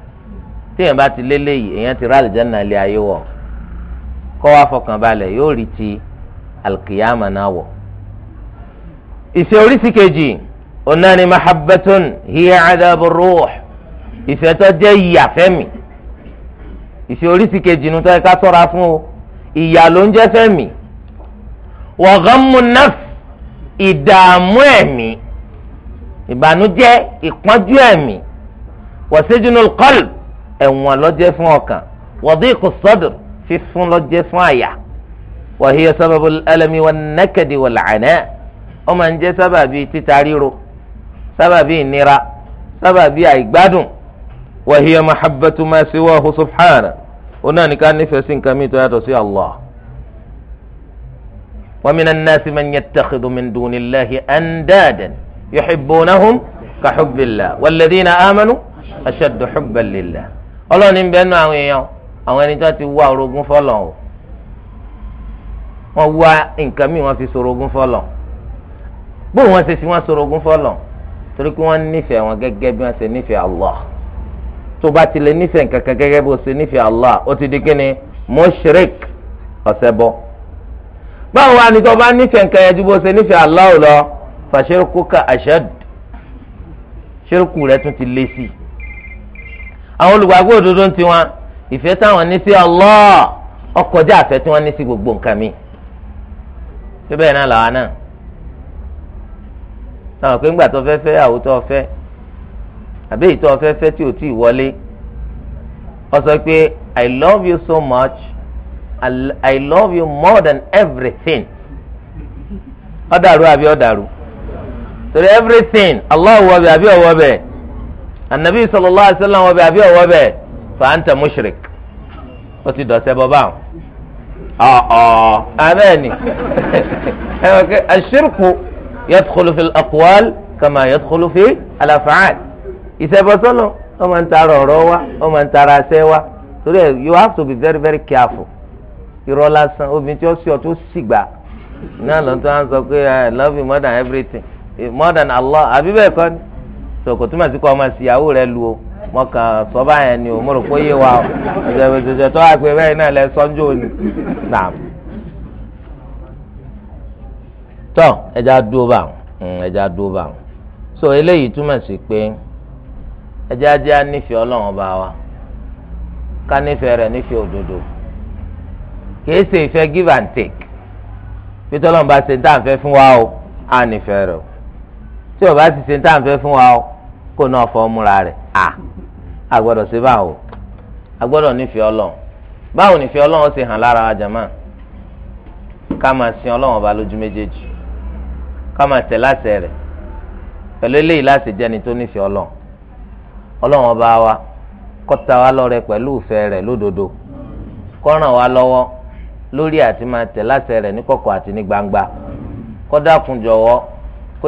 tí èèyàn bá ti lélẹ́yìí èèyàn ti rà àlìjáná ilé ayé wọ̀ kọ́ wa fọkàn balẹ̀ yóò rí ti alkiyama náà wọ̀. ìṣe oríṣi kejì ọ̀nà ni mahabbatun hiya adabu ruh ìṣe tó jẹ́ ìyàfẹ́mi ìṣe oríṣi kejì nu tó yẹ ká sọ́ra fún o ìyà ló ń jẹ́ fẹ́mi wa ìdààmú ẹ̀mí ìbànújẹ́ ìpọ́njú ẹ̀mí wa sijnul ẹ̀wọ̀n ló fún ọkàn wa dhiqu في السن الجسمية وهي سبب الألم والنكد والعناء ومن جاء سبب تتعرير سبب نرى سبب عباد وهي محبة ما سواه سبحانه هناك كان نفس كميت يتوسي الله ومن الناس من يتخذ من دون الله أندادا يحبونهم كحب الله والذين آمنوا أشد حبا لله الله نبي أنه àwọn ẹni tó ti wá orogún fọlọ̀ o wọ́n wá nǹkan míì wọ́n fi sorogún fọlọ̀ bóun wọ́n ṣe fi wọ́n sorogún fọlọ̀ torí pé wọ́n nífẹ̀ẹ́ wọn gẹ́gẹ́ bí wọ́n ṣe nífẹ̀ẹ́ Allah tó bá tilẹ̀ nífẹ̀ẹ́ nǹkan kan gẹ́gẹ́ bó ṣe nífẹ̀ẹ́ Allah ó ti di kíni mushrik ọ̀sẹ̀ bọ́ báwo wá ní tó bá nífẹ̀ẹ́ nǹkan yẹn ju bó ṣe nífẹ̀ẹ́ Allah lọ fàṣẹ́rùkúkà ashad ṣẹ́rùkù rẹ̀ tún ti lé sí àwọn olùgbàgbọ́ òdodo ń tiwọn ìfẹ́ táwọn ní sí Allah ó kọjá àfẹ́ tí wọ́n ní sí gbogbo nǹkan mi tó bẹ́ẹ̀ náà làwa náà náà pé ńgbà tó fẹ́ fẹ́ àwò tó fẹ́ àbí ìtọ́ fẹ́ fẹ́ tí ò tí ì wọlé ó sọ pé I love you so much I love you more than everything ó dàrú àbí ó dàrú torí everything Allah wọ̀ bẹ̀ àbí ọ̀wọ̀ bẹ̀ anabi sallallahu alaihi wasallam wọ̀ bẹ̀ àbí ọ̀wọ̀ bẹ̀ fàǹtà mushrik ó ti dọ̀sẹ̀ bọ́ báwọn ọ̀ọ́ abẹ́ẹ̀ni aṣírkù *laughs* yadkhulu fil aqwal kama yadkhulu fi al-af'al ìṣẹ̀bọ̀sọ́lọ̀ wọ́n máa ń wa wọ́n máa ń tara aṣẹ́ wa torí ẹ̀ you have to be very very careful irọ́ lásán obìnrin tí ó sì ọ́ tó sì gbà náà ló pé I love you more than everything more than Allah àbí bẹ́ẹ̀ kọ́ so kò túmọ̀ sí kọ́ ọmọ ìsìyàwó rẹ lu o wọn kàn sọ báyẹn ni o mo rò pé yé wa ìjẹ̀bẹ̀jẹ̀jẹ̀ tó wà pé bẹ́ẹ̀ náà lẹ sọ́njọ́ ni nà. tọ́ ẹja dúró bá hmm, ẹja dúró bá so eléyìí túmọ̀ sí pé ẹja jẹ́ anífẹ́ ọlọ́run bá wa ká nífẹ̀ẹ́ rẹ̀ nífẹ̀ẹ́ òdodo kìí ṣe ìfẹ́ give and take bí tọ́lọ́mù bá ṣe ń tà fún wa o á nífẹ̀ẹ́ rẹ̀ o tí o bá ti ṣe ń tà fún wa o kó náà fọ́ múra rẹ̀ à. Ah. agbọ́dọ̀ sí báwo agbọ́dọ̀ nífẹ̀ẹ́ Ọlọ́run báwo nífẹ̀ẹ́ Ọlọ́run ṣe hàn lára àjàmá ká máa sin Ọlọ́run ọba lójú méjèèjì ká máa tẹ̀ láṣẹ rẹ̀ pẹ̀lú eléyìí láti jẹni tó nífẹ̀ẹ́ Ọlọ́run Ọlọ́run ọba wa kó ta wá lọ́rẹ pẹ̀lú ìfẹ́ rẹ̀ lódodo kó ràn wá lọ́wọ́ lórí àti máa tẹ̀ láṣẹ rẹ̀ ní kọ̀kọ̀ àti ní gbangba dákun jọ̀wọ́ kó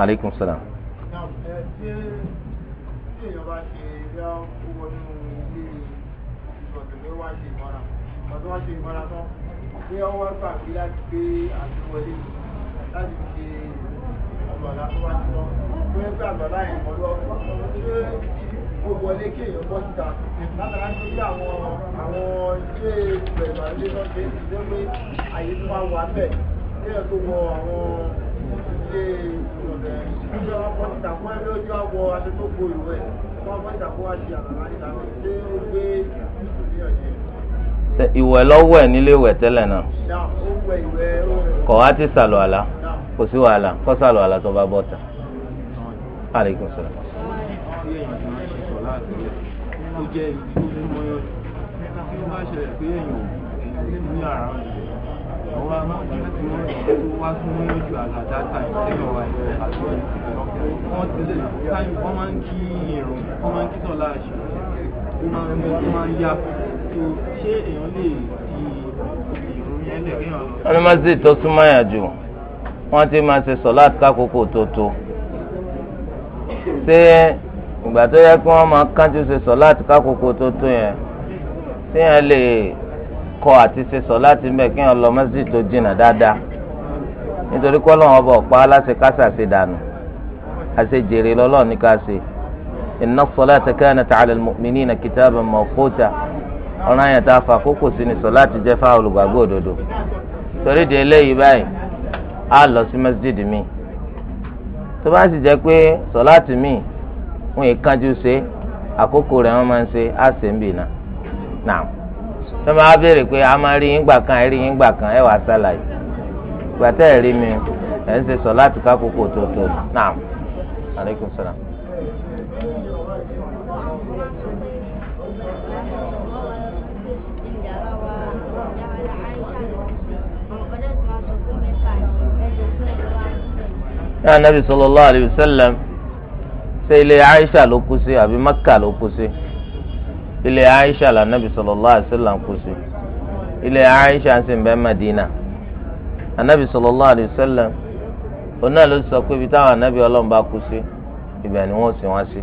aleykum salaam. àwọn ilé ìgbẹ̀gbà ilé náà ṣe é ti pé àyè tó wá wà bẹ́ẹ̀ kéèyàn tó wọ àwọn. ṣe ìjọ nile àpọ̀ ẹni ojú àwọ ìwẹ̀ lọ́wọ́ ẹ̀ nílé ìwẹ̀ tẹ́lẹ̀ náà kọ̀ á ti sàlọ̀ àlá kò sí wàhálà kọ́ sàlọ̀ àlá tó bá bọ̀ tà. ó jẹ́ wọ́n máa ń kí irun wọ́n máa ń kí sọ̀lá àṣà ó máa ń ó máa ń yá tó ṣé èèyàn lè di irun yẹn lẹ̀ wọ́n ti máa ṣe sọ̀lá àtàkókò tó ṣé ìgbà tó yẹ kí wọ́n máa kánjú ṣe sọ̀lá àtàkókò tó yẹn ṣé yẹn lè kọ́ àti ṣe sọ láti mẹ́ kí wọ́n lọ mọ́sídìí tó jìnnà dáadáa nítorí kọ́ lọ́wọ́ ọba ọ̀pá aláṣẹ kásà ṣe dànù àṣẹ jèrè lọ́lọ́ọ̀ ní ká ṣe inna salata kanat ala almu'minina kitaban mawquta ọ̀ràn yẹn tá a fa kókò sí ni sọláàtì jẹ́ fáwọn olùgbàgbọ́ òdodo torí de eléyìí báyìí á lọ sí mẹ́sídìdì mi tó bá sì jẹ́ pé sọláàtì mi wọn kánjú ṣe àkókò rẹ̀ wọ́n máa ń ṣe á ń bì náà tó máa béèrè pé a máa rí yín gbà kan ẹ rí yín gbà kan ẹ wàá sálàyé ìgbà tẹ́ ẹ rí mi ẹ̀ ń ṣe sọ láti kákòókò tó tó náà aleykum salaam. náà nabi sallallahu alayhi wa ṣe ilé aisha ló kú sí àbí makka ló kú sí ilé Aisha lànàbì sallallahu alaihi wasallam kú sí ilé Aisha sì ń bẹ Madina anabi sallallahu alaihi wasallam onáà ló sọ pé ibi táwọn anabi Ọlọ́run bá kú sí ibẹ̀ ni wọ́n sì wọ́n sí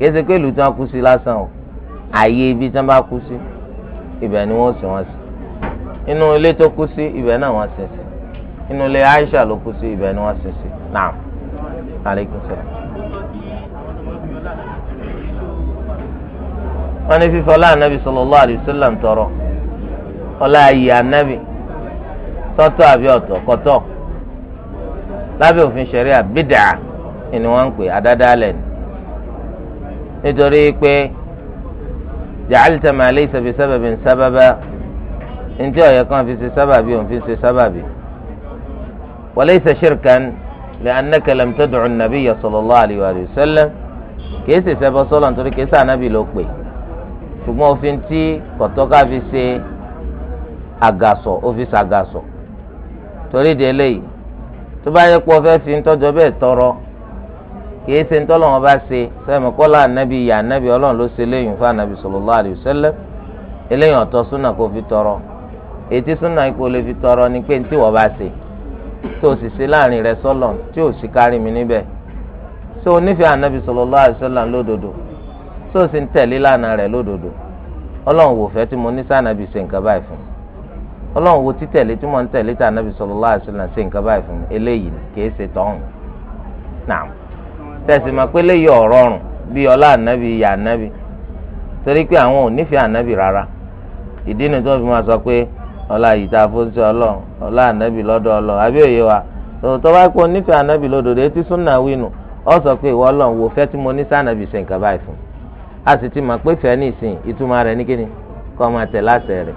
kìí ṣe pé ìlú tí wọ́n kú sí lásán o ààyè ibi tí wọ́n bá kú ibẹ̀ ni wọ́n sì wọ́n sí inú ilé tó kú ibẹ̀ náà wọ́n sì sí inú ilé Aisha ló kú ibẹ̀ ni wọ́n sì sí naam aleykum salaam. wọ́n ní fífi ọlá ànábì sallallahu alaihi wasallam tọrọ ọlá ayé ànábì tọ́tọ́ àbí ọ̀tọ̀ kọ́tọ́ lábẹ́ òfin ṣẹ̀ríà bídà ni wọ́n ń pè àdádálẹ̀ nítorí pé ja'alta ma laysa bi sababin sábàbà ntí ọ̀yẹ́ kan fi ṣe sábàbí òun fi ṣe sábàbí wa laysa shirkan li'annaka lam tad'u an-nabiyya sallallahu alaihi kìí ṣe sẹ́bọ̀ sọ́lọ̀ nítorí kìí ṣe ànábì ló pè é ṣùgbọ́n òfin tí kọ̀tọ́ká fi ṣe àgàsọ̀ ó fi ṣàgàsọ̀ torí de eléyìí tó bá yẹ kó o fẹ́ fi ntọ́jọ́ bẹ́ẹ̀ tọrọ kìí ṣe ntọ́lọ́ wọn bá ṣe sẹ́mi kọ́lá ànábì yà ànábì ọlọ́run ló ṣe léyìn fún ànábì sallallahu alaihi wasallam eléyìn ọ̀tọ̀ súnà kó fi tọrọ ètí súnà ipò lè fi tọrọ ni pé ntí wọ́n bá ṣe tó o sì ṣe láàrin rẹ sọ́lọ̀ tí o sì kárí mi níbẹ̀ ṣé nífẹ̀ẹ́ ànábì sallallahu alaihi wasallam lódodo tó sì ń tẹ̀lé lánàá rẹ̀ lódodo ọlọ́run wò fẹ́ tí mo ní sànàbì ṣe nǹkan báyìí fún mi ọlọ́run títẹ̀lé tí mo ń tẹ̀lé tí ànábì sallallahu alaihi ṣe nǹkan báyìí eléyìí ṣe tọ́hún náà tẹ̀sí ma pé léyìí ọ̀rọ̀ ọ̀rùn bí ọlá ànábì ìyá ànábì torí pé àwọn ò nífẹ̀ẹ́ ànábì rárá ìdí ni tó fi máa sọ pé ọlá ìta a sì ti mọ̀ pé fẹ́ nìsín ìtumọ̀ rẹ̀ ní kíni kọ́ máa tẹ̀ láṣẹ rẹ̀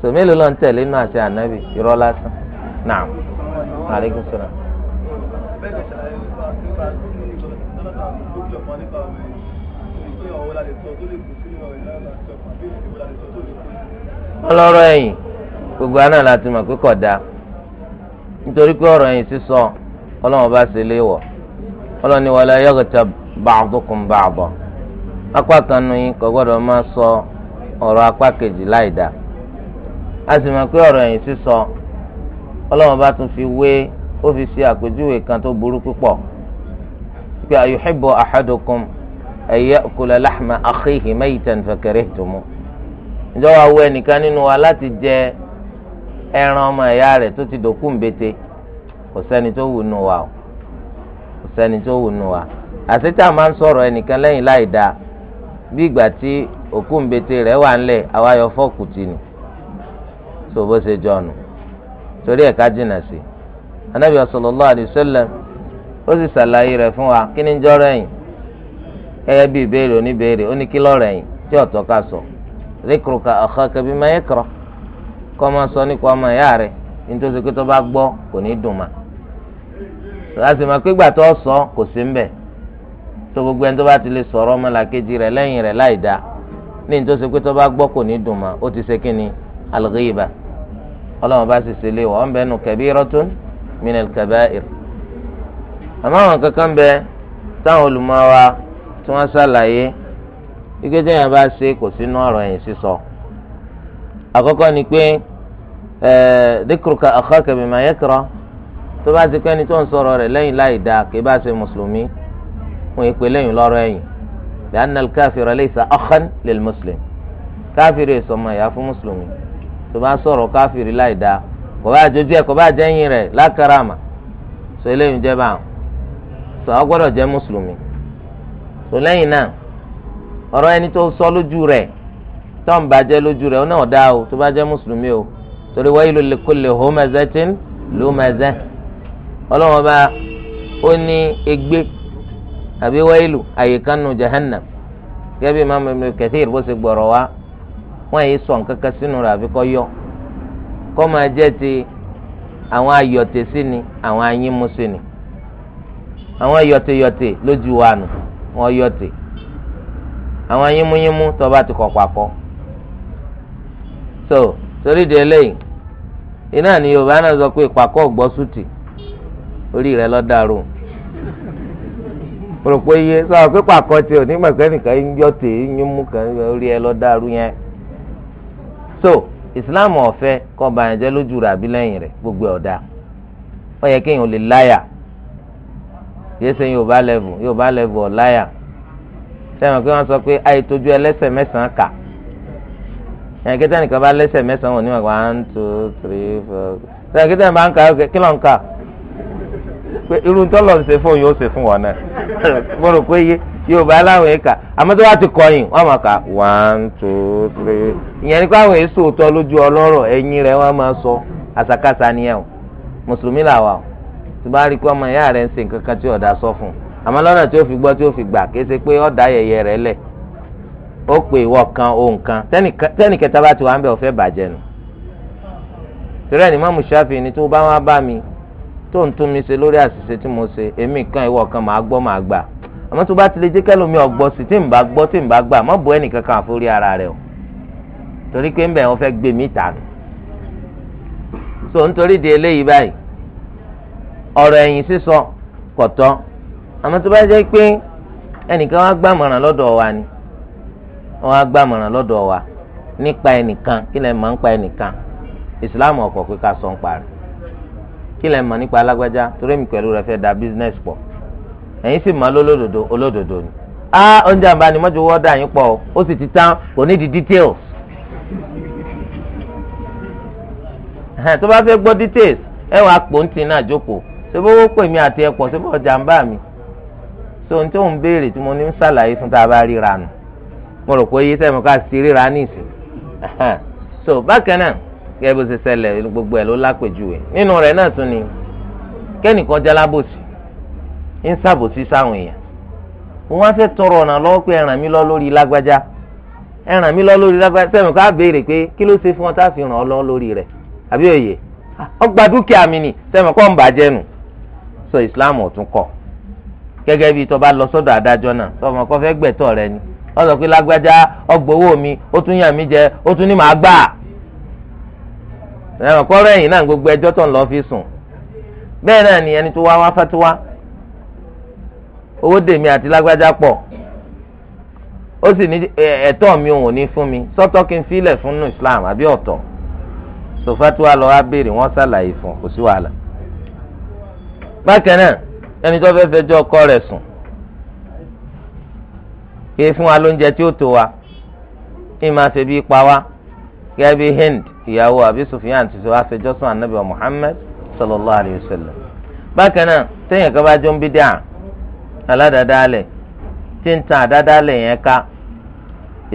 sọ mélòó lọ́n tẹ̀lé inú àṣẹ ànábì irọ́ lásán náà àríkú sọ̀rọ̀. ọlọ́rọ̀ ẹ̀yìn gbogbo àná láti mọ̀ pé kò dáa nítorí pé ọ̀rọ̀ ẹ̀yìn sísọ bá apá kan nu yín kò gbọ́dọ̀ máa sọ ọ̀rọ̀ apá kejì láì dá a sì mọ̀ pé ọ̀rọ̀ ẹ̀yìn sísọ ọlọ́run bá tún fi wé ó fi ṣe àpèjúwe kan tó burú púpọ̀ pé ayuhibbu ahadukum an ya'kula lahma akhihi maytan fakarihtumu ǹjọ́ wa wo ẹnìkan nínú wa láti jẹ ẹran ọmọ ẹ̀yà rẹ̀ tó ti dòkú ńbete kò sẹ́ni tó wù nù wa kò sẹ́ni tó wù nù wa àti a máa bí ìgbà tí òkú ńbete rẹ̀ wà ńlẹ̀ àwa yọ fọ́ọ̀kù tì ní tó bó ṣe torí ẹ̀ ká jìnnà sí anábìyà sallallahu alaihi ó sì ṣàlàyé rẹ̀ fún wa kí ni ń jọ́rọ̀ ẹ̀yìn bí ìbéèrè oníbéèrè ó ní tí ọ̀tọ̀ ká sọ dhikruka akhaka bima máa sọ ọmọ nítorí pé tó bá kò ní dùn so gbogbo ẹni tó bá ti lè sọ̀rọ̀ ọmọlàkejì rẹ̀ lẹ́yìn rẹ̀ láì dáa ní nítorí sọ pé tó bá gbọ́ kò ní dùn mọ́ ó ti ṣe kí ni al-ghiba ọlọ́run bá sì ṣe lé wọ́n bẹ́ẹ̀ nù kabiratun min al-kaba'ir àmọ́ àwọn kankan bẹ táwọn olùmọ̀ tí wọ́n ṣàlàyé ike tí yẹn bá ṣe kò sínú ọ̀rọ̀ ẹ̀yìn sísọ àkọ́kọ́ ni pé dhikruka akhaka bima wọn èpè lẹ́yìn lọ́rọ̀ ẹ̀yìn lẹ́yìn káfíìrì laysa akhan lil muslim káfíìrì ìsọmọ ìyá fún mùsùlùmí tó bá sọ̀rọ̀ káfíìrì láì dáa kò bá jojú ẹ̀ kò bá jẹ́yìn rẹ̀ lákàrà àmà sọ eléyìí jẹ́ bá sọ ọ gbọ́dọ̀ jẹ́ mùsùlùmí sọ lẹ́yìn náà ọ̀rọ̀ ẹni tó sọ lójú rẹ̀ tó ń bàjẹ́ lójú rẹ̀ ó náà dá ó ní ègbé àbí wáìlù àyè kan nù jahannam gẹ́gẹ́ bí Imam Ibn Kathir bó ṣe gbọ̀rọ̀ wá wọ́n yìí sọ̀ nkankan sínú rẹ̀ àfi kọ́ yọ kọ́ máa jẹ́ ti àwọn ayọ̀tẹ̀ sí ni àwọn ayínmú sí ni àwọn yọ̀tẹ̀yọ̀tẹ̀ lójú wa nù wọ́n yọ̀tẹ̀ àwọn yínmúyínmú tó bá ti kọ̀ papọ̀ so torí de eléyìí iná ni Yorùbá náà sọ pé ìpàkọ́ ọ̀gbọ́sùtì orí rẹ̀ lọ́ọ́ dàrú rò pé iye sọ̀rọ̀ pé pàkọ́ tí onímọ̀ kẹ́nìkan ń yọ tè ń mú kan rí ẹ lọ́dàrú yẹn. so islam ọ̀fẹ́ kọ́ bàyànjẹ́ lójú rẹ̀ àbí lẹ́yìn rẹ̀ gbogbo ọ̀dà ó yẹ kéèyàn lè láyà yé sẹ́yìn yorùbá lẹ́vù yorùbá lẹ́vù ọ̀ láyà sẹ́yìn pé wọ́n sọ pé àìtójú ẹlẹ́sẹ̀ mẹ́sàn-án kà ẹ̀yìn kí tẹ́nìkan bá lẹ́sẹ̀ mẹ́sàn-án wọ̀ níwọ̀n one two three four sẹ́yìn kí tẹ́nìkan bá ń kà pé irú tọ́lọ̀ ń ṣe fóun yóò ṣe fún wọn náà mo rò pé yóò bá aláwọ̀ yẹn àmọ́ tó bá ti kọyìn wọ́n máa kà one two three ìyẹn ni pé àwọn èso òótọ́ lójú ọlọ́rọ̀ ẹ̀yìn rẹ̀ wọ́n máa sọ àṣàkáṣà ni ẹ̀ o mùsùlùmí làwà o tó bá rí i pé ọmọ ìyá rẹ̀ ń ṣe nǹkan kan tí ọ̀dà sọ fún un àmọ́ lọ́nà tí ó fi gbọ́ tí ó fi gbà kì í ṣe pé ọ̀dà ayẹyẹ rẹ̀ lẹ̀ ó pè ìwọ kan òun kan tẹ́nì kẹta bá ti wà ń bẹ̀ ọ̀fẹ́ bàjẹ́ nù torí ẹ̀ ní mọ́mú ṣáfì ni tó bá wá bá mi tó ń tún mi se lórí àṣìṣe tí mo se èmi kan ìwọ kan màá gbọ́ màá gbà àmọ́ tó bá ti lè jẹ́ kẹ́lòmí ọgbọ́ sí tí n bá gbọ́ tí kan àforí ara rẹ o torí pé nbẹ̀ wọ́n fẹ́ gbé mi ta so nítorí di eléyìí báyìí ọ̀rọ̀ ẹ̀yìn sísọ kọ̀tọ́ àmọ́ tó bá jẹ́ pé ẹnìkan wá gbàmọ̀ràn lọ́dọ̀ wa ni wọ́n wá gbàmọ̀ràn lọ́dọ̀ wa nípa ẹnìkan kí kí lẹ mọ̀ nípa alágbájá torí èmi pẹ̀lú rẹ̀ fẹ́ da bísínẹ́sì pọ̀ ẹ̀yin sì mọ̀ lólódodo olódodo ni a oúnjẹ àǹbáni mọ́jú wọ́dà yín pọ̀ ó sì ti tán kò ní di details tó bá fẹ́ gbọ́ details ẹ wàá pò ń tin náà jókòó ṣé bó wọ́pọ̀ èmi àti ṣé ọjà ń mi so n tó ń béèrè tí mo ní ń ṣàlàyé fún tá a bá ríra nù mo rò pé gẹ́gẹ́ bó ṣe ṣẹlẹ̀ gbogbo ẹ̀ ló lápèjúwe nínú rẹ̀ náà tún ni kẹ́nìkan jẹ́ alábòsí ń sáwọn èèyàn wọ́n fẹ́ tọrọ ọ̀nà lọ́wọ́ pé ẹ mi lọ lórí lágbájá mi lọ lórí lágbájá sẹ́mi ká béèrè pé kí ọ tá a ọ lọ lórí rẹ̀ àbí òye ọgbà dúkìá mi sẹ́mi kọ́ ń sọ ọ̀tún gẹ́gẹ́ bíi bá lọ sọ́dọ̀ adájọ́ náà rẹ ni wọ́n sọ pé lágbájá ọgbà ẹ̀rọ kọ́rọ́ ẹ̀yìn náà gbogbo ẹjọ́ tó ń lọ fi sùn bẹ́ẹ̀ náà ni ẹni tó wá wá fatuwa owó dèmi àti lágbájá pọ̀ ó sì ní ẹ̀tọ́ mi ò fún mi sọ́tọ́ kí n fún Islam àbí ọ̀tọ̀ so fatuwa lọ wá béèrè wọ́n sàlàyé fún kò sí wàhálà bákan náà ẹni tó fẹ́ẹ́ fẹjọ́ ọkọ rẹ̀ sùn kí fún wa lóúnjẹ tí wa kí n máa ṣe wa gẹ́gẹ́ bí hind ìyàwó àbí Sufyan ti sọ àṣejọ́ sún anabi Muhammad sallallahu alayhi wa sallam. bákan náà téèyàn kan bá jó ń bídà aládàádáalẹ̀ tí ń tan àdáadáalẹ̀ yẹn ká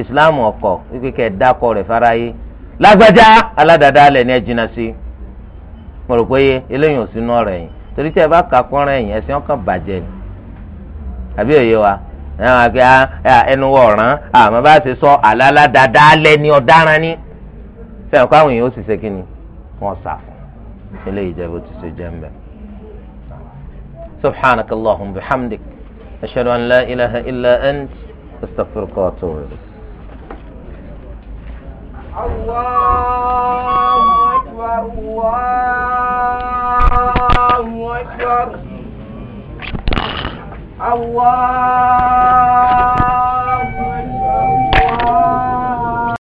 islam ọkọ̀ wípé kẹ́ ẹ̀ dákọ̀ rẹ̀ fáráyé lágbájá aládàádáalẹ̀ ni ẹ jìnnà sí mo rò pé eléyìí ò sínú ọ̀rọ̀ ẹ̀yìn torí tí ẹ bá kà kọ́rọ̀ ẹ̀yìn ẹ̀sìn ọkàn bàjẹ́ ni àbí òye wa ah, ẹnu wọ̀ràn àmọ́ bá ti sọ àláládàádáalẹ̀ ni ọ̀daràn ni. sẹ́yìn káwọn èèyàn ó sì ṣe kí ni wọ́n sà fún eléyìí jẹ́ bó ti ṣe jẹ́ mbẹ́. سبحانك اللهم بحمدك أشهد أن لا إله إلا أنت أستغفرك وأتوب إليك الله أكبر الله أكبر الله